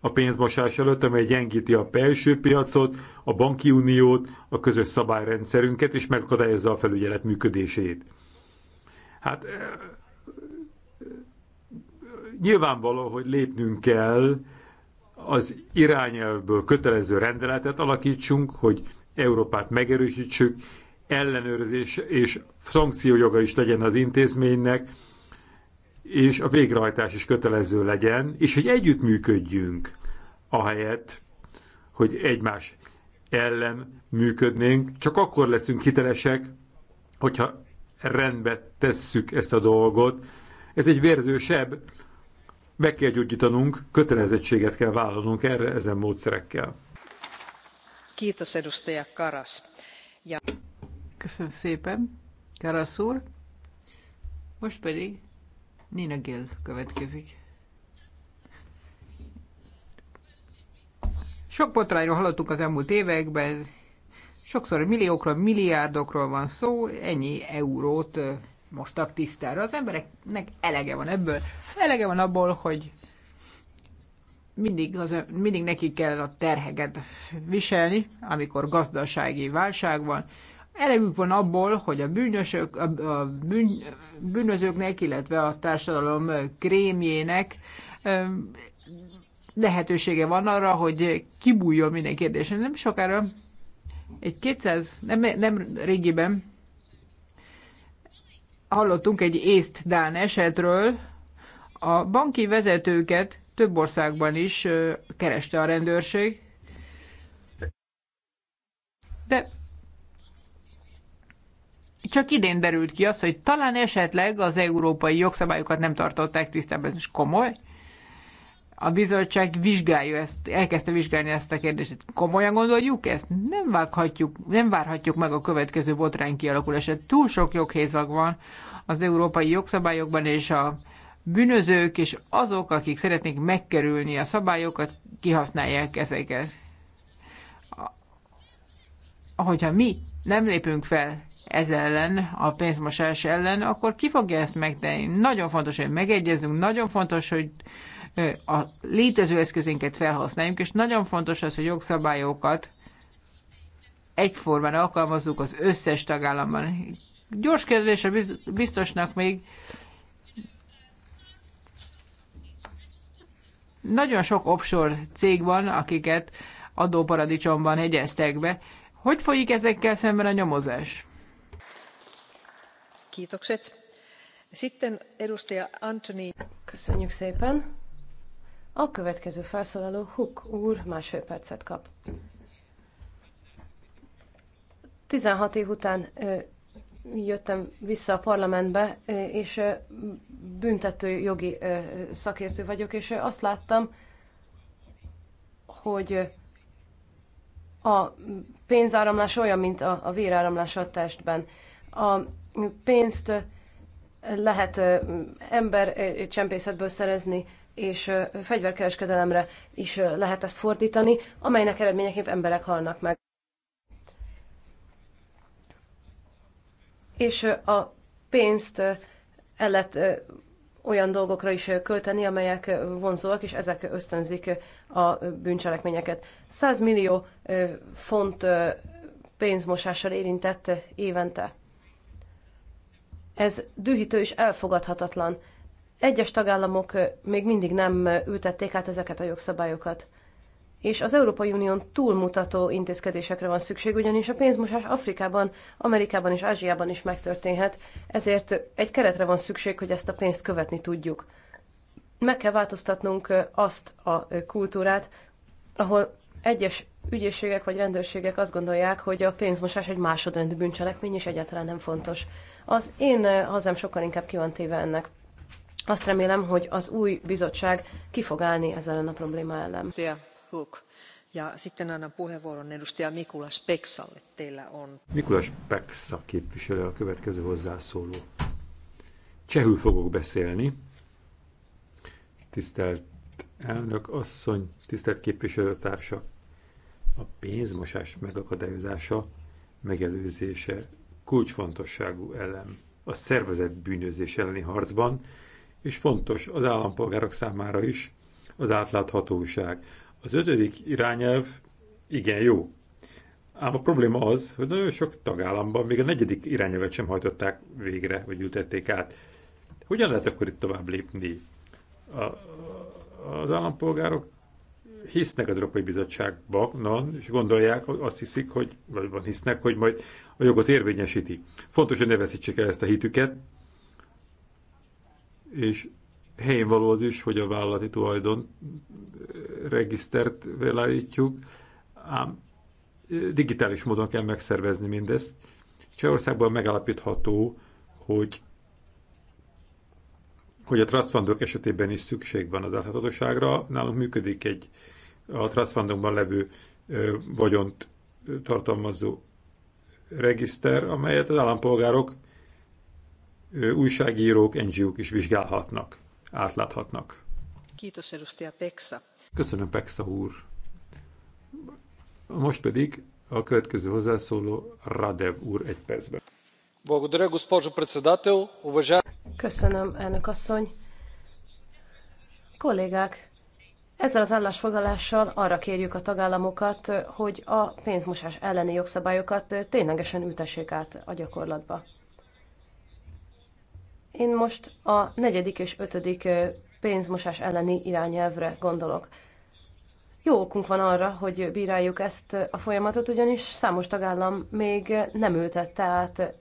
a pénzmosás előtt, amely gyengíti a belső piacot, a banki uniót, a közös szabályrendszerünket, és megakadályozza a felügyelet működését. Hát e, nyilvánvaló, hogy lépnünk kell, az irányelvből kötelező rendeletet alakítsunk, hogy Európát megerősítsük, ellenőrzés és szankciójoga is legyen az intézménynek, és a végrehajtás is kötelező legyen, és hogy együttműködjünk, ahelyett, hogy egymás ellen működnénk, csak akkor leszünk hitelesek, hogyha rendbe tesszük ezt a dolgot. Ez egy vérzősebb, meg kell gyógyítanunk, kötelezettséget kell vállalnunk erre ezen módszerekkel. Kiitos, edustaja Karas. Ja. Köszönöm szépen, Karasz úr. Most pedig Nina Gill következik. Sok botrányról hallottunk az elmúlt években, sokszor milliókról, milliárdokról van szó, ennyi eurót mostak tisztára. Az embereknek elege van ebből, elege van abból, hogy mindig, az, mindig neki kell a terheget viselni, amikor gazdasági válság van, Elegük van abból, hogy a, bűnösök, a, bűn, bűnözőknek, illetve a társadalom krémjének lehetősége van arra, hogy kibújjon minden kérdésen. Nem sokára, egy 200, nem, nem régiben hallottunk egy észt-dán esetről, a banki vezetőket több országban is kereste a rendőrség, de csak idén derült ki az, hogy talán esetleg az európai jogszabályokat nem tartották tisztában, ez is komoly. A bizottság vizsgálja ezt, elkezdte vizsgálni ezt a kérdést. Komolyan gondoljuk ezt? Nem, vághatjuk, nem várhatjuk meg a következő botrány kialakulását. Túl sok joghézag van az európai jogszabályokban, és a bűnözők és azok, akik szeretnék megkerülni a szabályokat, kihasználják ezeket. Hogyha mi nem lépünk fel ez ellen, a pénzmosás ellen, akkor ki fogja ezt megtenni? Nagyon fontos, hogy megegyezünk, nagyon fontos, hogy a létező eszközénket felhasználjuk, és nagyon fontos az, hogy jogszabályokat egyformán alkalmazzuk az összes tagállamban. Gyors kérdés a biztosnak még. Nagyon sok offshore cég van, akiket adóparadicsomban hegyeztek be. Hogy folyik ezekkel szemben a nyomozás? Köszönjük szépen. A következő felszólaló Hook úr másfél percet kap. 16 év után jöttem vissza a parlamentbe, és büntető jogi szakértő vagyok, és azt láttam, hogy a pénzáramlás olyan, mint a, a véráramlás a testben. A pénzt lehet ember csempészetből szerezni, és fegyverkereskedelemre is lehet ezt fordítani, amelynek eredményeképp emberek halnak meg. És a pénzt el lehet olyan dolgokra is költeni, amelyek vonzóak, és ezek ösztönzik a bűncselekményeket. 100 millió font pénzmosással érintett évente. Ez dühítő és elfogadhatatlan. Egyes tagállamok még mindig nem ültették át ezeket a jogszabályokat. És az Európai Unión túlmutató intézkedésekre van szükség, ugyanis a pénzmosás Afrikában, Amerikában és Ázsiában is megtörténhet, ezért egy keretre van szükség, hogy ezt a pénzt követni tudjuk. Meg kell változtatnunk azt a kultúrát, ahol egyes ügyészségek vagy rendőrségek azt gondolják, hogy a pénzmosás egy másodrendű bűncselekmény, és egyáltalán nem fontos. Az én hazám sokkal inkább ki van téve ennek. Azt remélem, hogy az új bizottság ki fog állni ezzel a probléma ellen. Ja sitten annan puheenvuoron edustaja Mikulas Peksalle. Teillä on. Mikulas Peksa képviselő a következő hozzászóló. Csehül fogok beszélni. Tisztelt elnök asszony, tisztelt képviselőtársa! A pénzmosás megakadályozása, megelőzése kulcsfontosságú elem a szervezett bűnözés elleni harcban, és fontos az állampolgárok számára is az átláthatóság. Az ötödik irányelv igen jó, ám a probléma az, hogy nagyon sok tagállamban még a negyedik irányelvet sem hajtották végre, vagy ültették át. Hogyan lehet akkor itt tovább lépni? A, az állampolgárok hisznek az Európai Bizottságban, és gondolják, azt hiszik, hogy, vagy van hisznek, hogy majd a jogot érvényesíti. Fontos, hogy ne veszítsék el ezt a hitüket, és helyén való az is, hogy a vállalati tulajdon eh, regisztert felállítjuk, ám eh, digitális módon kell megszervezni mindezt. Csehországban megállapítható, hogy hogy a trust esetében is szükség van az átláthatóságra. Nálunk működik egy a trust levő vagyont tartalmazó regiszter, amelyet az állampolgárok, újságírók, NGO-k is vizsgálhatnak, átláthatnak. Kítos, Köszönöm, Pexa úr. Most pedig a következő hozzászóló Radev úr egy percben. Köszönöm, elnök asszony. Kollégák, ezzel az állásfoglalással arra kérjük a tagállamokat, hogy a pénzmosás elleni jogszabályokat ténylegesen ültessék át a gyakorlatba. Én most a negyedik és ötödik pénzmosás elleni irányelvre gondolok. Jó okunk van arra, hogy bíráljuk ezt a folyamatot, ugyanis számos tagállam még nem ültette át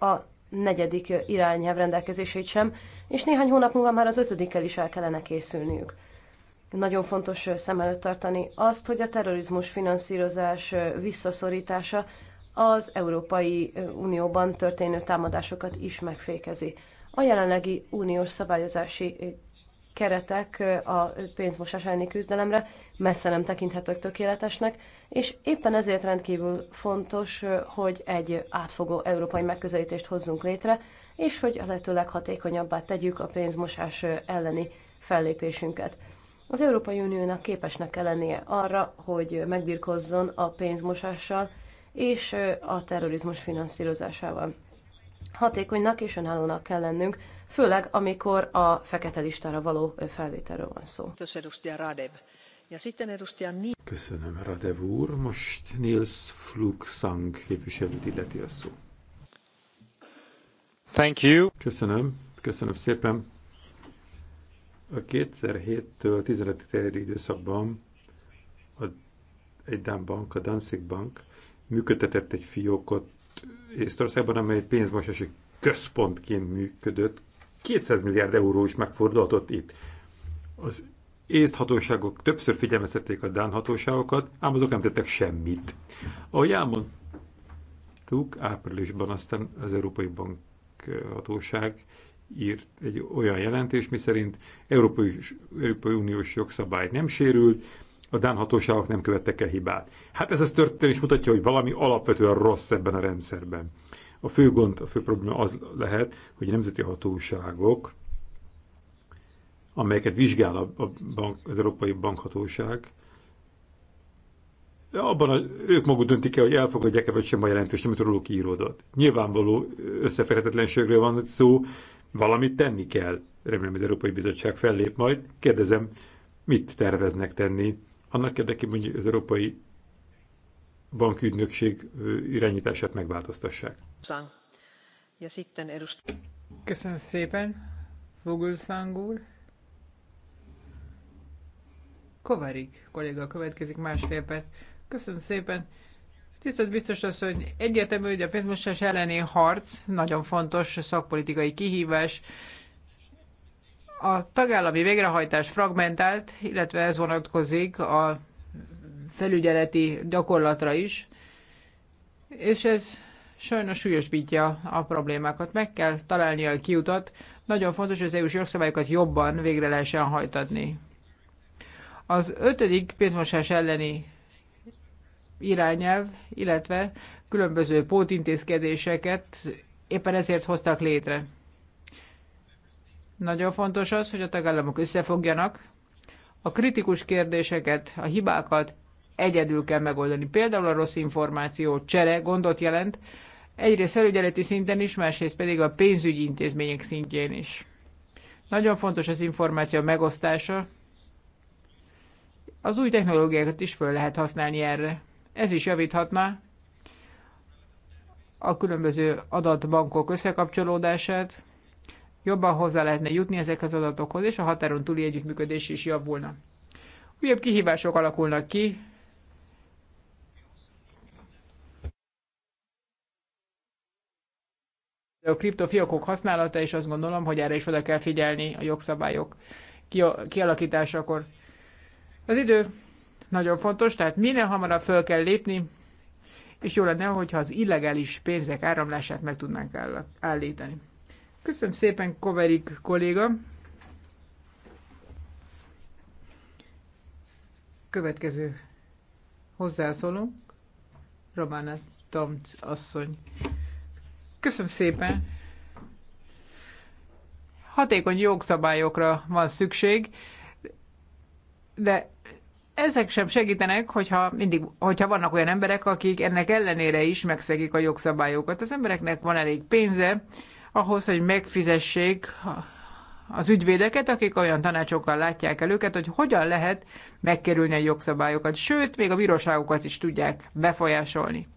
a negyedik irányelv rendelkezését sem, és néhány hónap múlva már az ötödikkel is el kellene készülniük. Nagyon fontos szem előtt tartani azt, hogy a terrorizmus finanszírozás visszaszorítása az Európai Unióban történő támadásokat is megfékezi. A jelenlegi uniós szabályozási keretek a pénzmosás elleni küzdelemre messze nem tekinthetők tökéletesnek, és éppen ezért rendkívül fontos, hogy egy átfogó európai megközelítést hozzunk létre, és hogy a lehető leghatékonyabbá tegyük a pénzmosás elleni fellépésünket. Az Európai Uniónak képesnek kell lennie arra, hogy megbirkozzon a pénzmosással és a terrorizmus finanszírozásával hatékonynak és önállónak kell lennünk, főleg amikor a fekete listára való felvételről van szó. Köszönöm, Radev úr. Most Nils Flugsang képviselőt illeti a szó. Thank you. Köszönöm, köszönöm szépen. A 2007-től 15 terjedő időszakban a, egy Dán bank, a Danzig Bank működtetett egy fiókot Észtországban, amely pénzmosási központként működött, 200 milliárd euró is megfordulhatott itt. Az észt hatóságok többször figyelmeztették a dán hatóságokat, ám azok nem tettek semmit. Ahogy elmondtuk, áprilisban aztán az Európai Bank hatóság írt egy olyan jelentés, miszerint Európai, Európai Uniós jogszabály nem sérült, a Dán hatóságok nem követtek el hibát. Hát ez az történet is mutatja, hogy valami alapvetően rossz ebben a rendszerben. A fő gond, a fő probléma az lehet, hogy a nemzeti hatóságok, amelyeket vizsgál a, a bank, az Európai Bankhatóság, abban a, ők maguk döntik el, hogy elfogadják-e vagy sem a jelentést, amit róluk íródott. Nyilvánvaló összeférhetetlenségről van szó, valamit tenni kell. Remélem, az Európai Bizottság fellép majd. Kérdezem, mit terveznek tenni annak érdekében, hogy az Európai Bankügynökség irányítását megváltoztassák. Köszönöm szépen, Vogelszang úr. Kovarik kolléga következik másfél perc. Köszönöm szépen. Tisztelt biztos az, hogy egyértelmű, hogy a pénzmosás elleni harc nagyon fontos szakpolitikai kihívás, a tagállami végrehajtás fragmentált, illetve ez vonatkozik a felügyeleti gyakorlatra is, és ez sajnos súlyosbítja a problémákat. Meg kell találni a kiutat. Nagyon fontos, hogy az EU-s jogszabályokat jobban végre lehessen hajtatni. Az ötödik pénzmosás elleni irányelv, illetve különböző pótintézkedéseket éppen ezért hoztak létre. Nagyon fontos az, hogy a tagállamok összefogjanak. A kritikus kérdéseket, a hibákat egyedül kell megoldani. Például a rossz információ csere gondot jelent, egyrészt felügyeleti szinten is, másrészt pedig a pénzügyi intézmények szintjén is. Nagyon fontos az információ megosztása. Az új technológiákat is föl lehet használni erre. Ez is javíthatná a különböző adatbankok összekapcsolódását, jobban hozzá lehetne jutni ezekhez az adatokhoz, és a határon túli együttműködés is javulna. Újabb kihívások alakulnak ki, a kriptofiókok használata, és azt gondolom, hogy erre is oda kell figyelni a jogszabályok kialakításakor. Az idő nagyon fontos, tehát minél hamarabb föl kell lépni, és jó lenne, hogyha az illegális pénzek áramlását meg tudnánk állítani. Köszönöm szépen, Koverik kolléga. Következő hozzászólunk, Romana Tomt asszony. Köszönöm szépen. Hatékony jogszabályokra van szükség, de ezek sem segítenek, hogyha, mindig, hogyha vannak olyan emberek, akik ennek ellenére is megszegik a jogszabályokat. Az embereknek van elég pénze, ahhoz, hogy megfizessék az ügyvédeket, akik olyan tanácsokkal látják el őket, hogy hogyan lehet megkerülni a jogszabályokat, sőt, még a bíróságokat is tudják befolyásolni.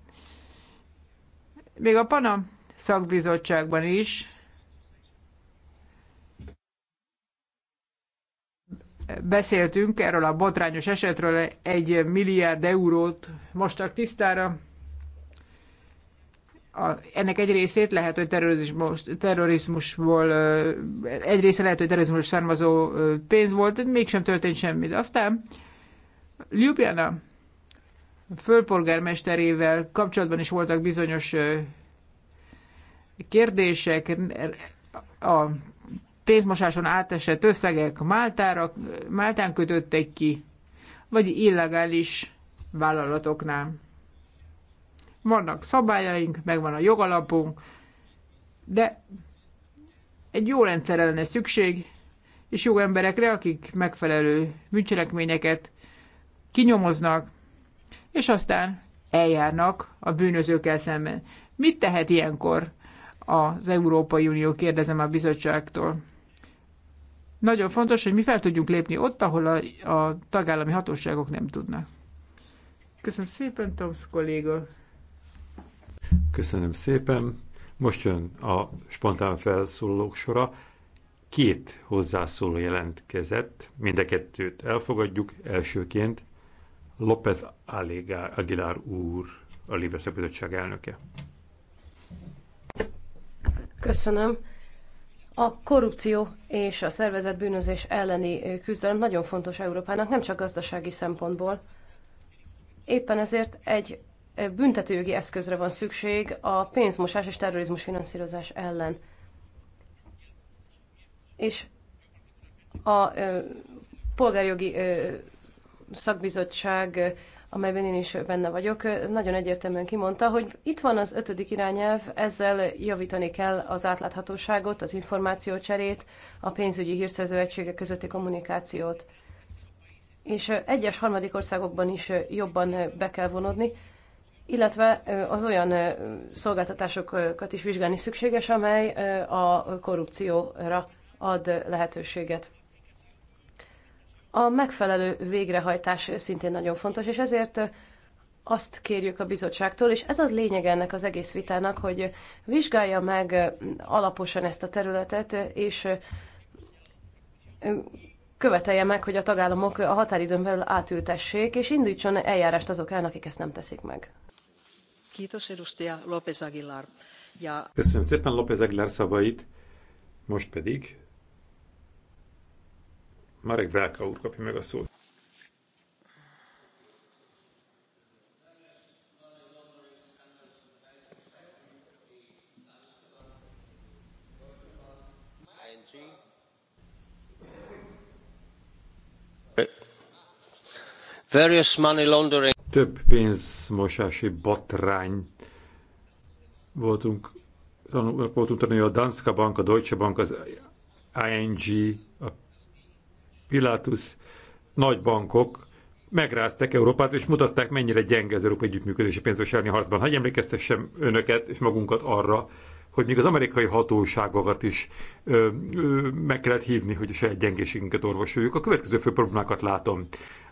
Még a PANA szakbizottságban is beszéltünk erről a botrányos esetről, egy milliárd eurót mostak tisztára, a, ennek egy részét lehet, hogy terrorizmus, terrorizmusból, egy része lehet, hogy terrorizmus származó pénz volt, de mégsem történt semmi. De aztán Ljubljana fölpolgármesterével kapcsolatban is voltak bizonyos kérdések, a pénzmosáson átesett összegek Máltára, Máltán kötöttek ki, vagy illegális vállalatoknál. Vannak szabályaink, van a jogalapunk, de egy jó rendszerre lenne szükség, és jó emberekre, akik megfelelő bűncselekményeket kinyomoznak, és aztán eljárnak a bűnözőkkel szemben. Mit tehet ilyenkor az Európai Unió, kérdezem a bizottságtól? Nagyon fontos, hogy mi fel tudjunk lépni ott, ahol a, a tagállami hatóságok nem tudnak. Köszönöm szépen, Tomsz kollégos. Köszönöm szépen. Most jön a spontán felszólalók sora. Két hozzászóló jelentkezett, mind a kettőt elfogadjuk. Elsőként López Aguilar úr, a Libeszek Bizottság elnöke. Köszönöm. A korrupció és a szervezett bűnözés elleni küzdelem nagyon fontos Európának, nem csak gazdasági szempontból. Éppen ezért egy büntetőjogi eszközre van szükség a pénzmosás és terrorizmus finanszírozás ellen. És a polgárjogi szakbizottság, amelyben én is benne vagyok, nagyon egyértelműen kimondta, hogy itt van az ötödik irányelv, ezzel javítani kell az átláthatóságot, az információcserét, a pénzügyi hírszerző egységek közötti kommunikációt. És egyes harmadik országokban is jobban be kell vonódni, illetve az olyan szolgáltatásokat is vizsgálni szükséges, amely a korrupcióra ad lehetőséget. A megfelelő végrehajtás szintén nagyon fontos, és ezért azt kérjük a bizottságtól, és ez a lényeg ennek az egész vitának, hogy vizsgálja meg alaposan ezt a területet, és követelje meg, hogy a tagállamok a határidőn belül átültessék, és indítson eljárást azok el, akik ezt nem teszik meg. Köszönöm szépen López Aguilar szavait. Most pedig Marek Velka úr kapja meg a szót. various money laundering több pénzmosási botrány voltunk, voltunk tanulni a Danska Bank, a Deutsche Bank, az ING, a Pilatus, nagy bankok megrázták Európát, és mutatták, mennyire gyenge az Európai Együttműködési pénzmosási harcban. Hagy emlékeztessem önöket és magunkat arra, hogy még az amerikai hatóságokat is ö, ö, meg kellett hívni, hogy a saját gyengeségünket orvosoljuk. A következő fő problémákat látom.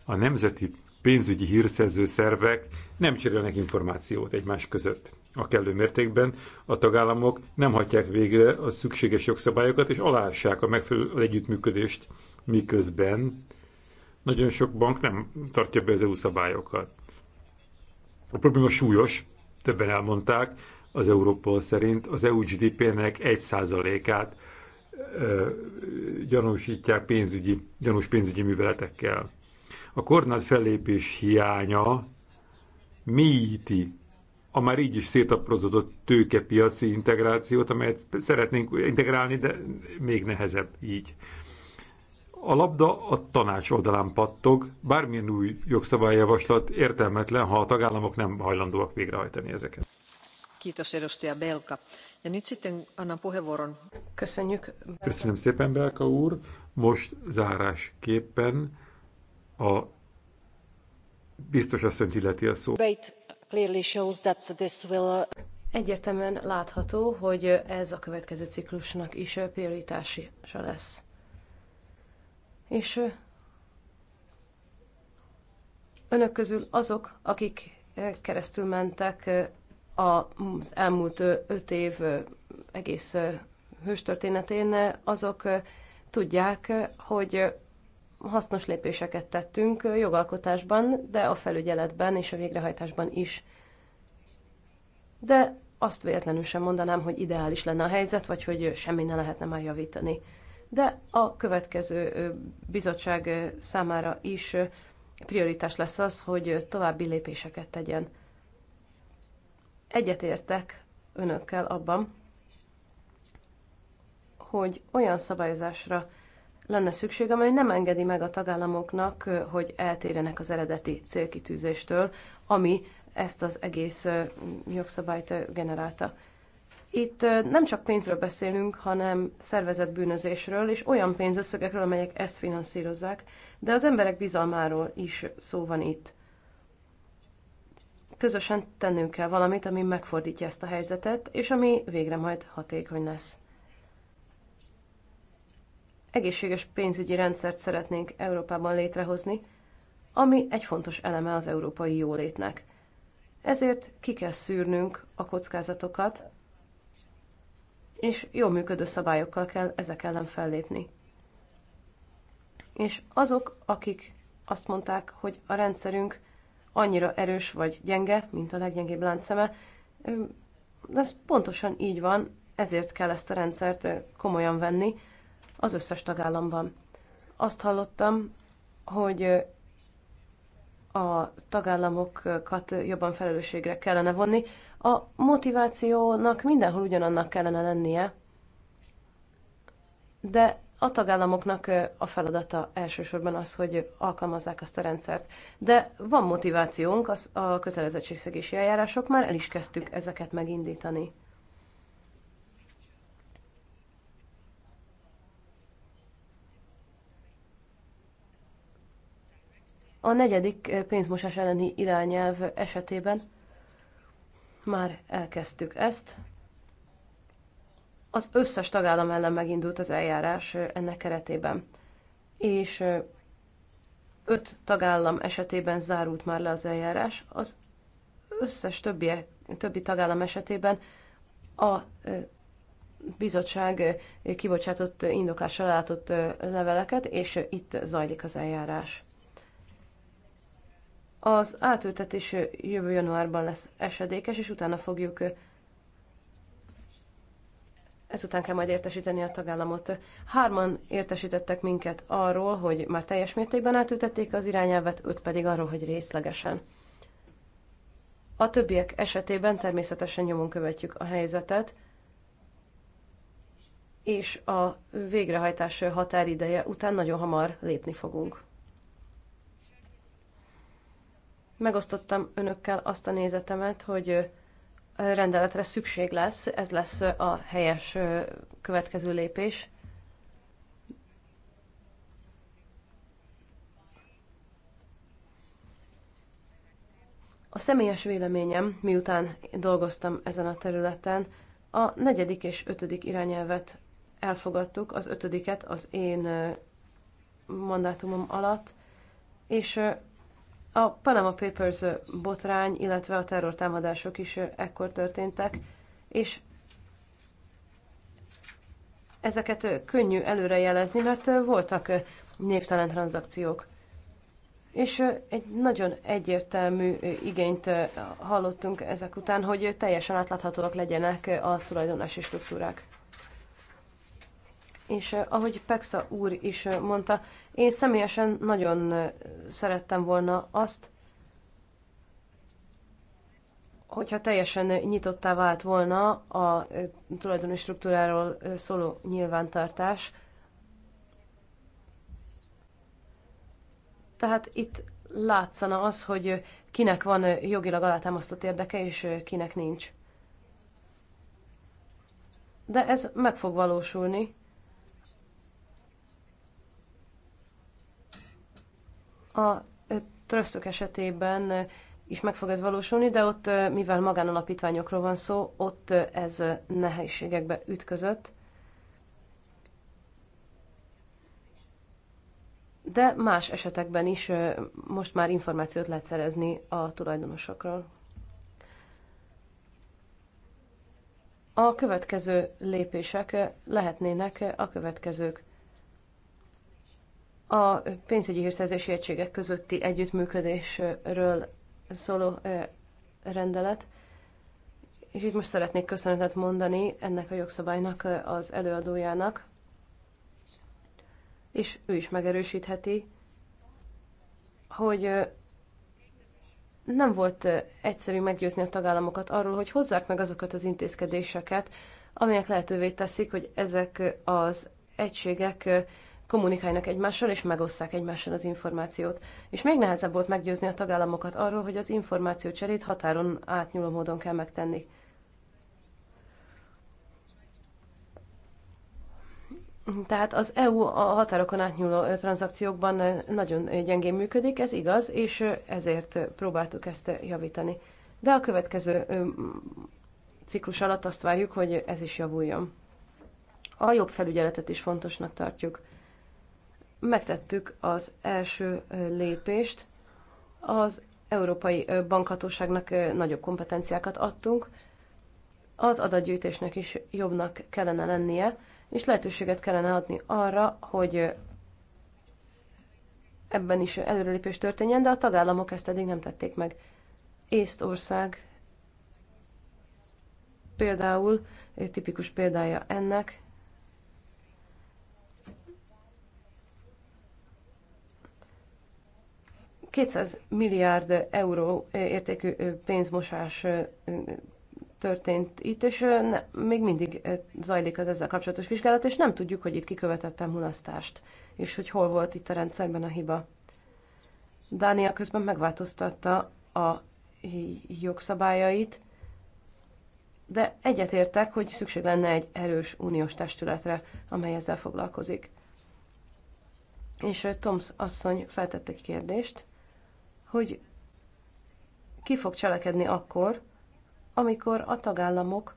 A nemzeti pénzügyi hírszerző szervek nem cserélnek információt egymás között. A kellő mértékben a tagállamok nem hagyják végre a szükséges jogszabályokat, és alássák a megfelelő együttműködést, miközben nagyon sok bank nem tartja be az EU szabályokat. A probléma súlyos, többen elmondták, az Európol szerint az EU GDP-nek 1%-át gyanúsítják pénzügyi, gyanús pénzügyi műveletekkel. A koordinát fellépés hiánya mélyíti a már így is szétaprozódott tőkepiaci integrációt, amelyet szeretnénk integrálni, de még nehezebb így. A labda a tanács oldalán pattog, bármilyen új jogszabályjavaslat értelmetlen, ha a tagállamok nem hajlandóak végrehajtani ezeket. Kiitos edustaja Belka. Ja nyt sitten annan puheenvuoron. Köszönjük. Köszönöm szépen, Belka úr. Most zárásképpen a biztos asszonyt illeti a szó. Uh, Egyértelműen látható, hogy ez a következő ciklusnak is uh, prioritása lesz. És uh, önök közül azok, akik keresztül mentek az elmúlt öt év egész hőstörténetén, azok tudják, hogy hasznos lépéseket tettünk jogalkotásban, de a felügyeletben és a végrehajtásban is. De azt véletlenül sem mondanám, hogy ideális lenne a helyzet, vagy hogy semmi ne lehetne már javítani. De a következő bizottság számára is prioritás lesz az, hogy további lépéseket tegyen. Egyetértek önökkel abban, hogy olyan szabályozásra lenne szükség, amely nem engedi meg a tagállamoknak, hogy eltérjenek az eredeti célkitűzéstől, ami ezt az egész jogszabályt generálta. Itt nem csak pénzről beszélünk, hanem szervezett bűnözésről és olyan pénzösszegekről, amelyek ezt finanszírozzák, de az emberek bizalmáról is szó van itt. Közösen tennünk kell valamit, ami megfordítja ezt a helyzetet, és ami végre majd hatékony lesz egészséges pénzügyi rendszert szeretnénk Európában létrehozni, ami egy fontos eleme az európai jólétnek. Ezért ki kell szűrnünk a kockázatokat, és jó működő szabályokkal kell ezek ellen fellépni. És azok, akik azt mondták, hogy a rendszerünk annyira erős vagy gyenge, mint a leggyengébb láncszeme, de ez pontosan így van, ezért kell ezt a rendszert komolyan venni, az összes tagállamban. Azt hallottam, hogy a tagállamokat jobban felelősségre kellene vonni. A motivációnak mindenhol ugyanannak kellene lennie, de a tagállamoknak a feladata elsősorban az, hogy alkalmazzák azt a rendszert. De van motivációnk, az a kötelezettségszegési eljárások, már el is kezdtük ezeket megindítani. A negyedik eh, pénzmosás elleni irányelv esetében már elkezdtük ezt. Az összes tagállam ellen megindult az eljárás eh, ennek keretében, és eh, öt tagállam esetében zárult már le az eljárás, az összes többi, többi tagállam esetében a bizottság kibocsátott indoklással látott leveleket, és itt zajlik az eljárás. Az átültetés jövő januárban lesz esedékes, és utána fogjuk ezután kell majd értesíteni a tagállamot. Hárman értesítettek minket arról, hogy már teljes mértékben átültették az irányelvet, öt pedig arról, hogy részlegesen. A többiek esetében természetesen nyomon követjük a helyzetet, és a végrehajtás határideje után nagyon hamar lépni fogunk. megosztottam önökkel azt a nézetemet, hogy rendeletre szükség lesz, ez lesz a helyes következő lépés. A személyes véleményem, miután dolgoztam ezen a területen, a negyedik és ötödik irányelvet elfogadtuk, az ötödiket az én mandátumom alatt, és a Panama Papers botrány, illetve a terrortámadások is ekkor történtek, és ezeket könnyű előrejelezni, mert voltak névtelen tranzakciók. És egy nagyon egyértelmű igényt hallottunk ezek után, hogy teljesen átláthatóak legyenek a tulajdonási struktúrák. És eh, ahogy Pexa úr is eh, mondta, én személyesen nagyon eh, szerettem volna azt, hogyha teljesen nyitottá vált volna a tulajdoni struktúráról szóló nyilvántartás. Tehát itt látszana az, hogy kinek van jogilag alátámasztott érdeke, és kinek nincs. De ez meg fog valósulni. A trösztök esetében is meg fog ez valósulni, de ott, mivel magánalapítványokról van szó, ott ez nehézségekbe ütközött. De más esetekben is most már információt lehet szerezni a tulajdonosokról. A következő lépések lehetnének a következők a pénzügyi hírszerzési egységek közötti együttműködésről szóló rendelet. És így most szeretnék köszönetet mondani ennek a jogszabálynak az előadójának, és ő is megerősítheti, hogy nem volt egyszerű meggyőzni a tagállamokat arról, hogy hozzák meg azokat az intézkedéseket, amelyek lehetővé teszik, hogy ezek az egységek kommunikáljanak egymással, és megosszák egymással az információt. És még nehezebb volt meggyőzni a tagállamokat arról, hogy az információcserét határon átnyúló módon kell megtenni. Tehát az EU a határokon átnyúló tranzakciókban nagyon gyengén működik, ez igaz, és ezért próbáltuk ezt javítani. De a következő ciklus alatt azt várjuk, hogy ez is javuljon. A jobb felügyeletet is fontosnak tartjuk megtettük az első lépést, az Európai Bankhatóságnak nagyobb kompetenciákat adtunk, az adatgyűjtésnek is jobbnak kellene lennie, és lehetőséget kellene adni arra, hogy ebben is előrelépés történjen, de a tagállamok ezt eddig nem tették meg. Észtország például tipikus példája ennek. 200 milliárd euró értékű pénzmosás történt itt, és még mindig zajlik az ezzel kapcsolatos vizsgálat, és nem tudjuk, hogy itt kikövetett mulasztást, és hogy hol volt itt a rendszerben a hiba. Dánia közben megváltoztatta a jogszabályait, de egyetértek, hogy szükség lenne egy erős uniós testületre, amely ezzel foglalkozik. És Tomsz asszony feltett egy kérdést hogy ki fog cselekedni akkor, amikor a tagállamok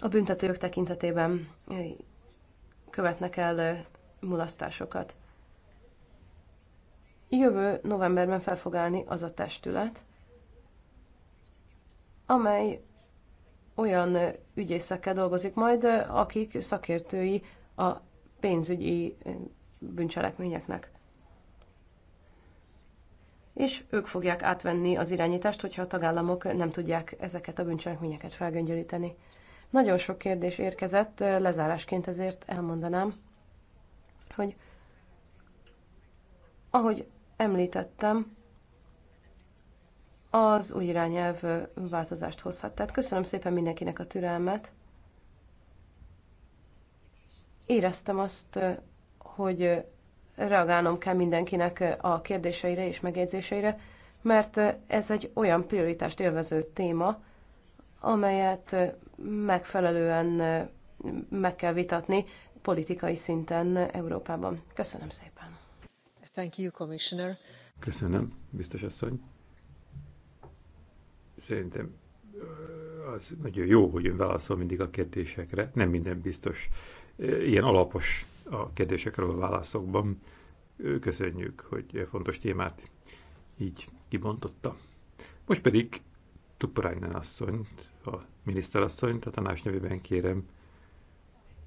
a büntetők tekintetében követnek el mulasztásokat. Jövő novemberben fel fog állni az a testület, amely olyan ügyészekkel dolgozik majd, akik szakértői a pénzügyi bűncselekményeknek és ők fogják átvenni az irányítást, hogyha a tagállamok nem tudják ezeket a bűncselekményeket felgöngyölíteni. Nagyon sok kérdés érkezett, lezárásként ezért elmondanám, hogy ahogy említettem, az új irányelv változást hozhat. Tehát köszönöm szépen mindenkinek a türelmet. Éreztem azt, hogy reagálnom kell mindenkinek a kérdéseire és megjegyzéseire, mert ez egy olyan prioritást élvező téma, amelyet megfelelően meg kell vitatni politikai szinten Európában. Köszönöm szépen. Thank you, Commissioner. Köszönöm, biztos asszony. Szerintem az nagyon jó, hogy ön válaszol mindig a kérdésekre. Nem minden biztos ilyen alapos a kérdésekről a válaszokban. Köszönjük, hogy fontos témát így kibontotta. Most pedig Tupurainen asszonyt, a miniszterasszonyt, a tanács nevében kérem.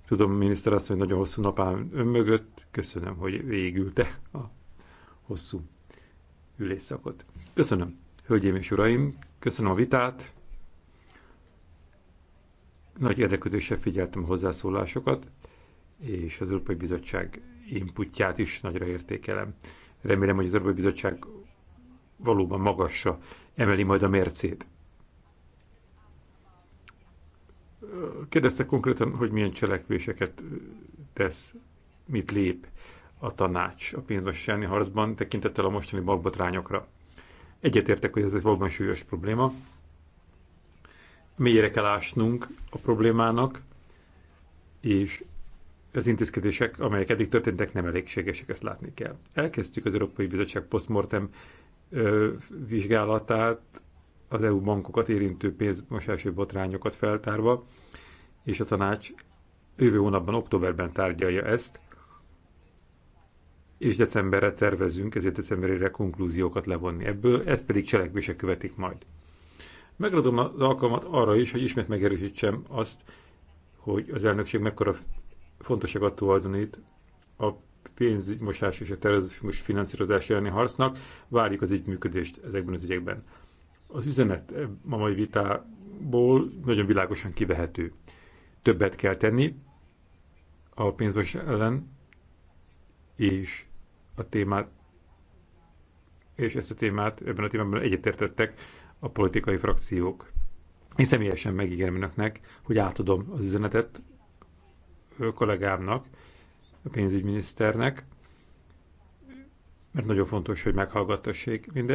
Tudom, miniszterasszony, nagyon hosszú napán ön mögött. Köszönöm, hogy végülte a hosszú ülésszakot. Köszönöm, hölgyeim és uraim, köszönöm a vitát. Nagy érdeklődéssel figyeltem a hozzászólásokat és az Európai Bizottság inputját is nagyra értékelem. Remélem, hogy az Európai Bizottság valóban magasra emeli majd a mércét. Kérdezte konkrétan, hogy milyen cselekvéseket tesz, mit lép a tanács a pénzmossáni harcban, tekintettel a mostani magbotrányokra. Egyetértek, hogy ez egy valóban súlyos probléma. Mélyére kell ásnunk a problémának, és az intézkedések, amelyek eddig történtek, nem elégségesek, ezt látni kell. Elkezdtük az Európai Bizottság postmortem vizsgálatát, az EU bankokat érintő pénzmosási botrányokat feltárva, és a tanács jövő hónapban, októberben tárgyalja ezt, és decemberre tervezünk, ezért decemberére konklúziókat levonni ebből, ezt pedig cselekvések követik majd. Megadom az alkalmat arra is, hogy ismét megerősítsem azt, hogy az elnökség mekkora fontosak a tulajdonít a pénzmosás és a terrorizmus finanszírozás elleni harcnak. Várjuk az ügyműködést ezekben az ügyekben. Az üzenet a mai vitából nagyon világosan kivehető. Többet kell tenni a pénzmosás ellen, és a témát és ezt a témát ebben a témában egyetértettek a politikai frakciók. Én személyesen megígérem önöknek, hogy átadom az üzenetet kollégámnak, a pénzügyminiszternek, mert nagyon fontos, hogy meghallgattassék mindezt.